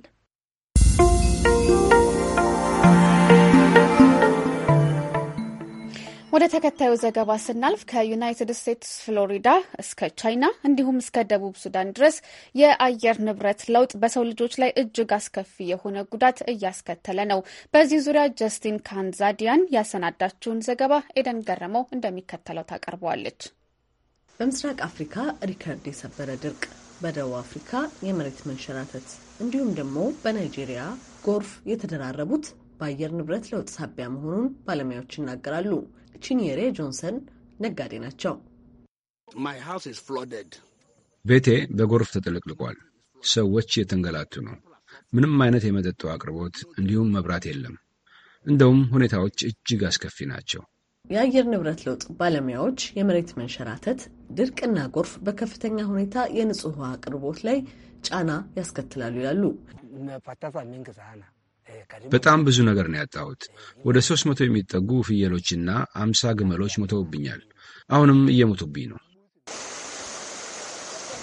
ወደ ተከታዩ ዘገባ ስናልፍ ከዩናይትድ ስቴትስ ፍሎሪዳ እስከ ቻይና እንዲሁም እስከ ደቡብ ሱዳን ድረስ የአየር ንብረት ለውጥ በሰው ልጆች ላይ እጅግ አስከፊ የሆነ ጉዳት እያስከተለ ነው። በዚህ ዙሪያ ጀስቲን ካንዛዲያን ያሰናዳችውን ዘገባ ኤደን ገረመው እንደሚከተለው ታቀርበዋለች። በምስራቅ አፍሪካ ሪከርድ የሰበረ ድርቅ፣ በደቡብ አፍሪካ የመሬት መንሸራተት እንዲሁም ደግሞ በናይጄሪያ ጎርፍ የተደራረቡት በአየር ንብረት ለውጥ ሳቢያ መሆኑን ባለሙያዎች ይናገራሉ። ቺኒየሬ ጆንሰን ነጋዴ ናቸው። ቤቴ በጎርፍ ተጥለቅልቋል። ሰዎች የተንገላቱ ነው። ምንም አይነት የመጠጡ አቅርቦት እንዲሁም መብራት የለም። እንደውም ሁኔታዎች እጅግ አስከፊ ናቸው። የአየር ንብረት ለውጥ ባለሙያዎች የመሬት መንሸራተት፣ ድርቅና ጎርፍ በከፍተኛ ሁኔታ የንጹህ ውሃ አቅርቦት ላይ ጫና ያስከትላሉ ይላሉ። በጣም ብዙ ነገር ነው ያጣሁት። ወደ ሶስት መቶ የሚጠጉ ፍየሎችና አምሳ ግመሎች ሞተውብኛል። አሁንም እየሞቱብኝ ነው።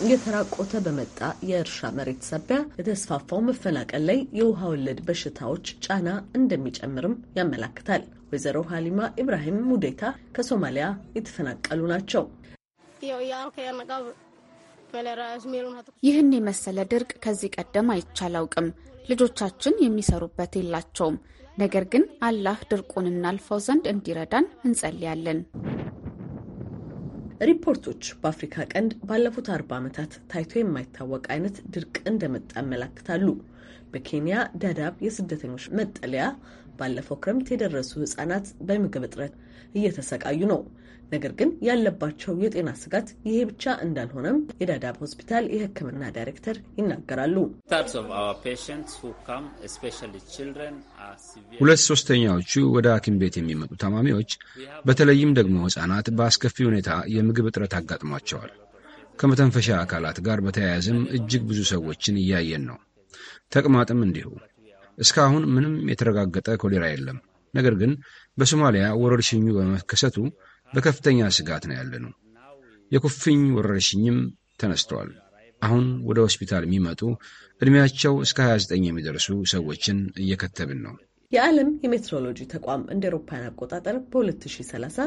እየተራቆተ በመጣ የእርሻ መሬት ሳቢያ የተስፋፋው መፈናቀል ላይ የውሃ ወለድ በሽታዎች ጫና እንደሚጨምርም ያመላክታል። ወይዘሮ ሀሊማ ኢብራሂም ሙዴታ ከሶማሊያ የተፈናቀሉ ናቸው። ይህን የመሰለ ድርቅ ከዚህ ቀደም አይቻል አውቅም። ልጆቻችን የሚሰሩበት የላቸውም። ነገር ግን አላህ ድርቁን እናልፈው ዘንድ እንዲረዳን እንጸልያለን። ሪፖርቶች በአፍሪካ ቀንድ ባለፉት አርባ ዓመታት ታይቶ የማይታወቅ አይነት ድርቅ እንደመጣ ያመላክታሉ። በኬንያ ዳዳብ የስደተኞች መጠለያ ባለፈው ክረምት የደረሱ ህጻናት በምግብ እጥረት እየተሰቃዩ ነው። ነገር ግን ያለባቸው የጤና ስጋት ይሄ ብቻ እንዳልሆነም የዳዳብ ሆስፒታል የሕክምና ዳይሬክተር ይናገራሉ። ሁለት ሶስተኛዎቹ ወደ ሐኪም ቤት የሚመጡ ታማሚዎች በተለይም ደግሞ ሕጻናት በአስከፊ ሁኔታ የምግብ እጥረት አጋጥሟቸዋል። ከመተንፈሻ አካላት ጋር በተያያዘም እጅግ ብዙ ሰዎችን እያየን ነው። ተቅማጥም እንዲሁ። እስካሁን ምንም የተረጋገጠ ኮሌራ የለም። ነገር ግን በሶማሊያ ወረርሽኙ በመከሰቱ በከፍተኛ ስጋት ነው ያለነው። የኩፍኝ ወረርሽኝም ተነስቷል። አሁን ወደ ሆስፒታል የሚመጡ ዕድሜያቸው እስከ 29 የሚደርሱ ሰዎችን እየከተብን ነው። የዓለም የሜትሮሎጂ ተቋም እንደ አውሮፓውያን አቆጣጠር በ2030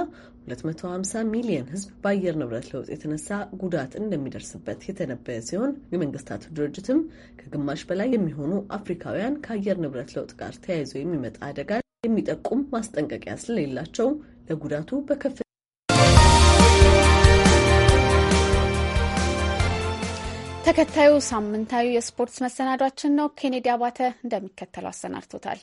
250 ሚሊዮን ሕዝብ በአየር ንብረት ለውጥ የተነሳ ጉዳት እንደሚደርስበት የተነበየ ሲሆን የመንግስታቱ ድርጅትም ከግማሽ በላይ የሚሆኑ አፍሪካውያን ከአየር ንብረት ለውጥ ጋር ተያይዞ የሚመጣ አደጋ የሚጠቁም ማስጠንቀቂያ ስለሌላቸው ለጉዳቱ በከፍ ተከታዩ ሳምንታዊ የስፖርት መሰናዷችን ነው። ኬኔዲ አባተ እንደሚከተለው አሰናድቶታል።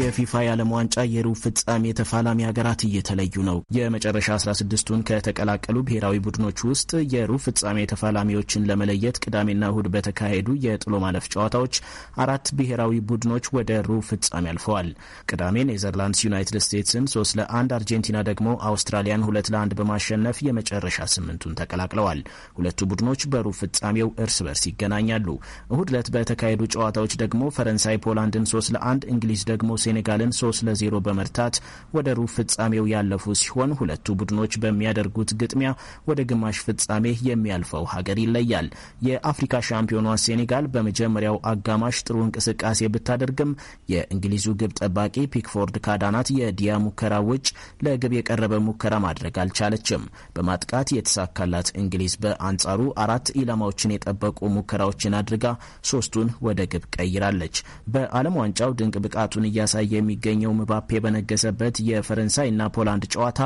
የፊፋ የዓለም ዋንጫ የሩብ ፍጻሜ የተፋላሚ ሀገራት እየተለዩ ነው። የመጨረሻ 16ቱን ከተቀላቀሉ ብሔራዊ ቡድኖች ውስጥ የሩብ ፍጻሜ ተፋላሚዎችን ለመለየት ቅዳሜና እሁድ በተካሄዱ የጥሎ ማለፍ ጨዋታዎች አራት ብሔራዊ ቡድኖች ወደ ሩብ ፍጻሜ አልፈዋል። ቅዳሜ ኔዘርላንድስ ዩናይትድ ስቴትስን ሶስት ለአንድ፣ አርጀንቲና ደግሞ አውስትራሊያን ሁለት ለአንድ በማሸነፍ የመጨረሻ ስምንቱን ተቀላቅለዋል። ሁለቱ ቡድኖች በሩብ ፍጻሜው እርስ በርስ ይገናኛሉ። እሁድ ዕለት በተካሄዱ ጨዋታዎች ደግሞ ፈረንሳይ ፖላንድን ሶስት 1 እንግሊዝ ደግሞ ሴኔጋልን ለ ለዜሮ በመርታት ወደ ሩብ ፍጻሜው ያለፉ ሲሆን ሁለቱ ቡድኖች በሚያደርጉት ግጥሚያ ወደ ግማሽ ፍጻሜ የሚያልፈው ሀገር ይለያል። የአፍሪካ ሻምፒዮኗ ሴኔጋል በመጀመሪያው አጋማሽ ጥሩ እንቅስቃሴ ብታደርግም የእንግሊዙ ግብ ጠባቂ ፒክፎርድ ካዳናት የዲያ ሙከራ ውጭ ለግብ የቀረበ ሙከራ ማድረግ አልቻለችም። በማጥቃት የተሳካላት እንግሊዝ በአንጻሩ አራት ኢላማዎችን የጠበቁ ሙከራዎችን አድርጋ ሶስቱን ወደ ግብ ቀይራለች። በዓለም ዋንጫው ድንቅ ብቃቱን እያ እያሳየ የሚገኘው ምባፔ በነገሰበት የፈረንሳይና ፖላንድ ጨዋታ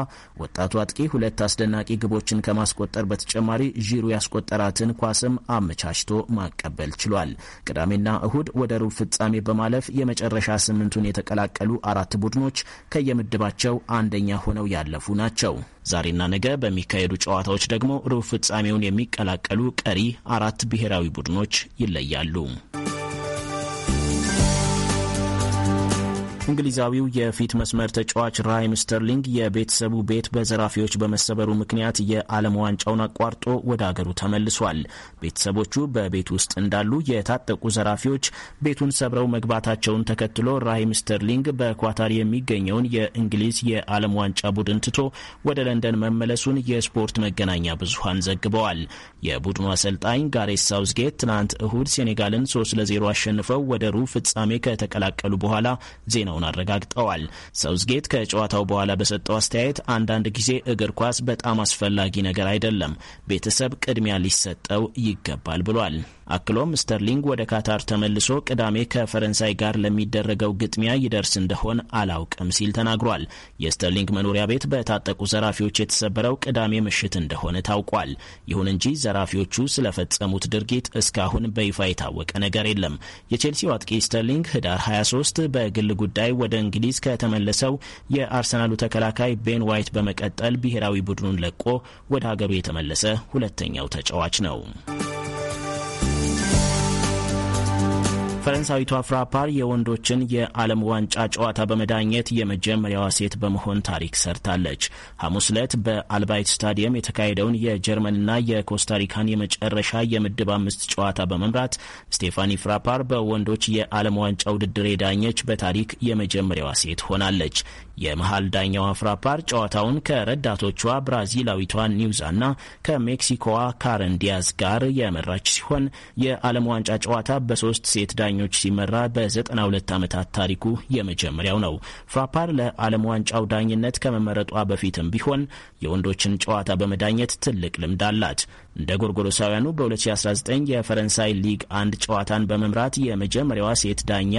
ወጣቱ አጥቂ ሁለት አስደናቂ ግቦችን ከማስቆጠር በተጨማሪ ዢሩ ያስቆጠራትን ኳስም አመቻችቶ ማቀበል ችሏል። ቅዳሜና እሁድ ወደ ሩብ ፍጻሜ በማለፍ የመጨረሻ ስምንቱን የተቀላቀሉ አራት ቡድኖች ከየምድባቸው አንደኛ ሆነው ያለፉ ናቸው። ዛሬና ነገ በሚካሄዱ ጨዋታዎች ደግሞ ሩብ ፍጻሜውን የሚቀላቀሉ ቀሪ አራት ብሔራዊ ቡድኖች ይለያሉ። እንግሊዛዊው የፊት መስመር ተጫዋች ራይም ስተርሊንግ የቤተሰቡ ቤት በዘራፊዎች በመሰበሩ ምክንያት የዓለም ዋንጫውን አቋርጦ ወደ አገሩ ተመልሷል። ቤተሰቦቹ በቤት ውስጥ እንዳሉ የታጠቁ ዘራፊዎች ቤቱን ሰብረው መግባታቸውን ተከትሎ ራይም ስተርሊንግ በኳታር የሚገኘውን የእንግሊዝ የዓለም ዋንጫ ቡድን ትቶ ወደ ለንደን መመለሱን የስፖርት መገናኛ ብዙኃን ዘግበዋል። የቡድኑ አሰልጣኝ ጋሬስ ሳውዝጌት ትናንት እሁድ ሴኔጋልን 3 ለ0 አሸንፈው ወደ ሩብ ፍጻሜ ከተቀላቀሉ በኋላ ዜና መሆኑን አረጋግጠዋል። ሰውዝጌት ከጨዋታው በኋላ በሰጠው አስተያየት አንዳንድ ጊዜ እግር ኳስ በጣም አስፈላጊ ነገር አይደለም፣ ቤተሰብ ቅድሚያ ሊሰጠው ይገባል ብሏል። አክሎም ስተርሊንግ ወደ ካታር ተመልሶ ቅዳሜ ከፈረንሳይ ጋር ለሚደረገው ግጥሚያ ይደርስ እንደሆን አላውቅም ሲል ተናግሯል። የስተርሊንግ መኖሪያ ቤት በታጠቁ ዘራፊዎች የተሰበረው ቅዳሜ ምሽት እንደሆነ ታውቋል። ይሁን እንጂ ዘራፊዎቹ ስለፈጸሙት ድርጊት እስካሁን በይፋ የታወቀ ነገር የለም። የቼልሲው አጥቂ ስተርሊንግ ህዳር 23 በግል ጉዳይ ጉዳይ ወደ እንግሊዝ ከተመለሰው የአርሰናሉ ተከላካይ ቤን ዋይት በመቀጠል ብሔራዊ ቡድኑን ለቆ ወደ ሀገሩ የተመለሰ ሁለተኛው ተጫዋች ነው። ፈረንሳዊቷ ፍራፓር የወንዶችን የዓለም ዋንጫ ጨዋታ በመዳኘት የመጀመሪያዋ ሴት በመሆን ታሪክ ሰርታለች። ሐሙስ ዕለት በአልባይት ስታዲየም የተካሄደውን የጀርመንና የኮስታሪካን የመጨረሻ የምድብ አምስት ጨዋታ በመምራት ስቴፋኒ ፍራፓር በወንዶች የዓለም ዋንጫ ውድድር የዳኘች በታሪክ የመጀመሪያዋ ሴት ሆናለች። የመሃል ዳኛዋ ፍራፓር ጨዋታውን ከረዳቶቿ ብራዚላዊቷ ኒውዛና ከሜክሲኮዋ ካረን ዲያዝ ጋር የመራች ሲሆን የዓለም ዋንጫ ጨዋታ በሶስት ሴት ዳኛ በዳኞች ሲመራ በ92 ዓመታት ታሪኩ የመጀመሪያው ነው። ፍራፓር ለዓለም ዋንጫው ዳኝነት ከመመረጧ በፊትም ቢሆን የወንዶችን ጨዋታ በመዳኘት ትልቅ ልምድ አላት። እንደ ጎርጎሮሳውያኑ በ2019 የፈረንሳይ ሊግ አንድ ጨዋታን በመምራት የመጀመሪያዋ ሴት ዳኛ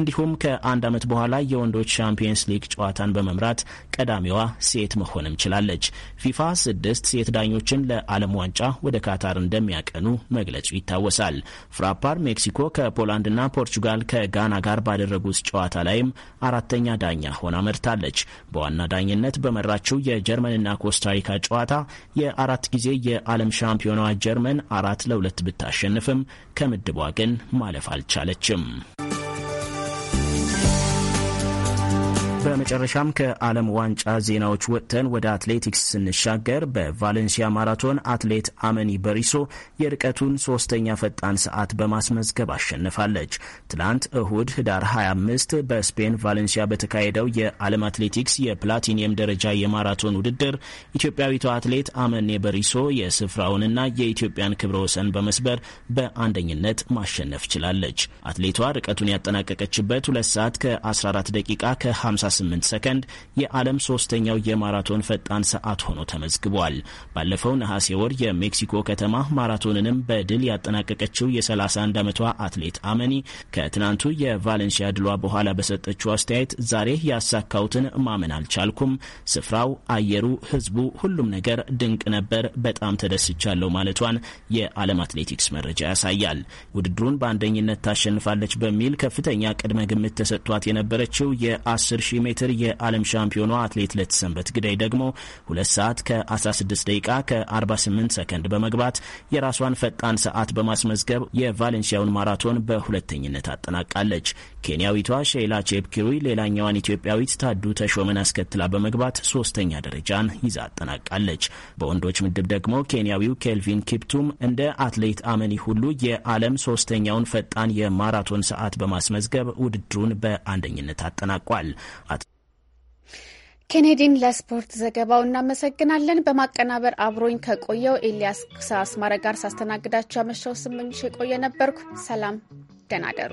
እንዲሁም ከአንድ ዓመት በኋላ የወንዶች ሻምፒየንስ ሊግ ጨዋታን በመምራት ቀዳሚዋ ሴት መሆንም ችላለች። ፊፋ ስድስት ሴት ዳኞችን ለዓለም ዋንጫ ወደ ካታር እንደሚያቀኑ መግለጹ ይታወሳል። ፍራፓር ሜክሲኮ ከፖላንድና ፖርቹጋል ከጋና ጋር ባደረጉት ጨዋታ ላይም አራተኛ ዳኛ ሆና መርታለች። በዋና ዳኝነት በመራችው የጀርመንና ኮስታሪካ ጨዋታ የአራት ጊዜ የዓለም ሻም ሻምፒዮኗ ጀርመን አራት ለሁለት ብታሸንፍም ከምድቧ ግን ማለፍ አልቻለችም። በመጨረሻም ከዓለም ዋንጫ ዜናዎች ወጥተን ወደ አትሌቲክስ ስንሻገር በቫሌንሲያ ማራቶን አትሌት አመኒ በሪሶ የርቀቱን ሶስተኛ ፈጣን ሰዓት በማስመዝገብ አሸንፋለች። ትናንት እሁድ ህዳር 25 በስፔን ቫሌንሲያ በተካሄደው የዓለም አትሌቲክስ የፕላቲኒየም ደረጃ የማራቶን ውድድር ኢትዮጵያዊቷ አትሌት አመኒ በሪሶ የስፍራውንና የኢትዮጵያን ክብረ ወሰን በመስበር በአንደኝነት ማሸነፍ ችላለች። አትሌቷ ርቀቱን ያጠናቀቀችበት 2 ሰዓት ከ14 ደቂቃ ከ50 ከ ሰከንድ የዓለም ሶስተኛው የማራቶን ፈጣን ሰዓት ሆኖ ተመዝግቧል። ባለፈው ነሐሴ ወር የሜክሲኮ ከተማ ማራቶንንም በድል ያጠናቀቀችው የ31 ዓመቷ አትሌት አመኒ ከትናንቱ የቫለንሲያ ድሏ በኋላ በሰጠችው አስተያየት ዛሬ ያሳካሁትን ማመን አልቻልኩም። ስፍራው፣ አየሩ፣ ህዝቡ፣ ሁሉም ነገር ድንቅ ነበር። በጣም ተደስቻለሁ ማለቷን የዓለም አትሌቲክስ መረጃ ያሳያል። ውድድሩን በአንደኝነት ታሸንፋለች በሚል ከፍተኛ ቅድመ ግምት ተሰጥቷት የነበረችው የ10 ሺህ ሜትር የዓለም ሻምፒዮኗ አትሌት ለተሰንበት ግዳይ ደግሞ ሁለት ሰዓት ከ16 ደቂቃ ከ48 ሰከንድ በመግባት የራሷን ፈጣን ሰዓት በማስመዝገብ የቫሌንሲያውን ማራቶን በሁለተኝነት አጠናቃለች። ኬንያዊቷ ሼይላ ቼፕኪሩይ ሌላኛዋን ኢትዮጵያዊት ታዱ ተሾመን አስከትላ በመግባት ሶስተኛ ደረጃን ይዛ አጠናቃለች። በወንዶች ምድብ ደግሞ ኬንያዊው ኬልቪን ኪፕቱም እንደ አትሌት አመኒ ሁሉ የዓለም ሶስተኛውን ፈጣን የማራቶን ሰዓት በማስመዝገብ ውድድሩን በአንደኝነት አጠናቋል። ኬኔዲን ለስፖርት ዘገባው እናመሰግናለን። በማቀናበር አብሮኝ ከቆየው ኤልያስ አስማረ ጋር ሳስተናግዳቸው ያመሻው ስምንሽ የቆየ ነበርኩ። ሰላም ደናደሩ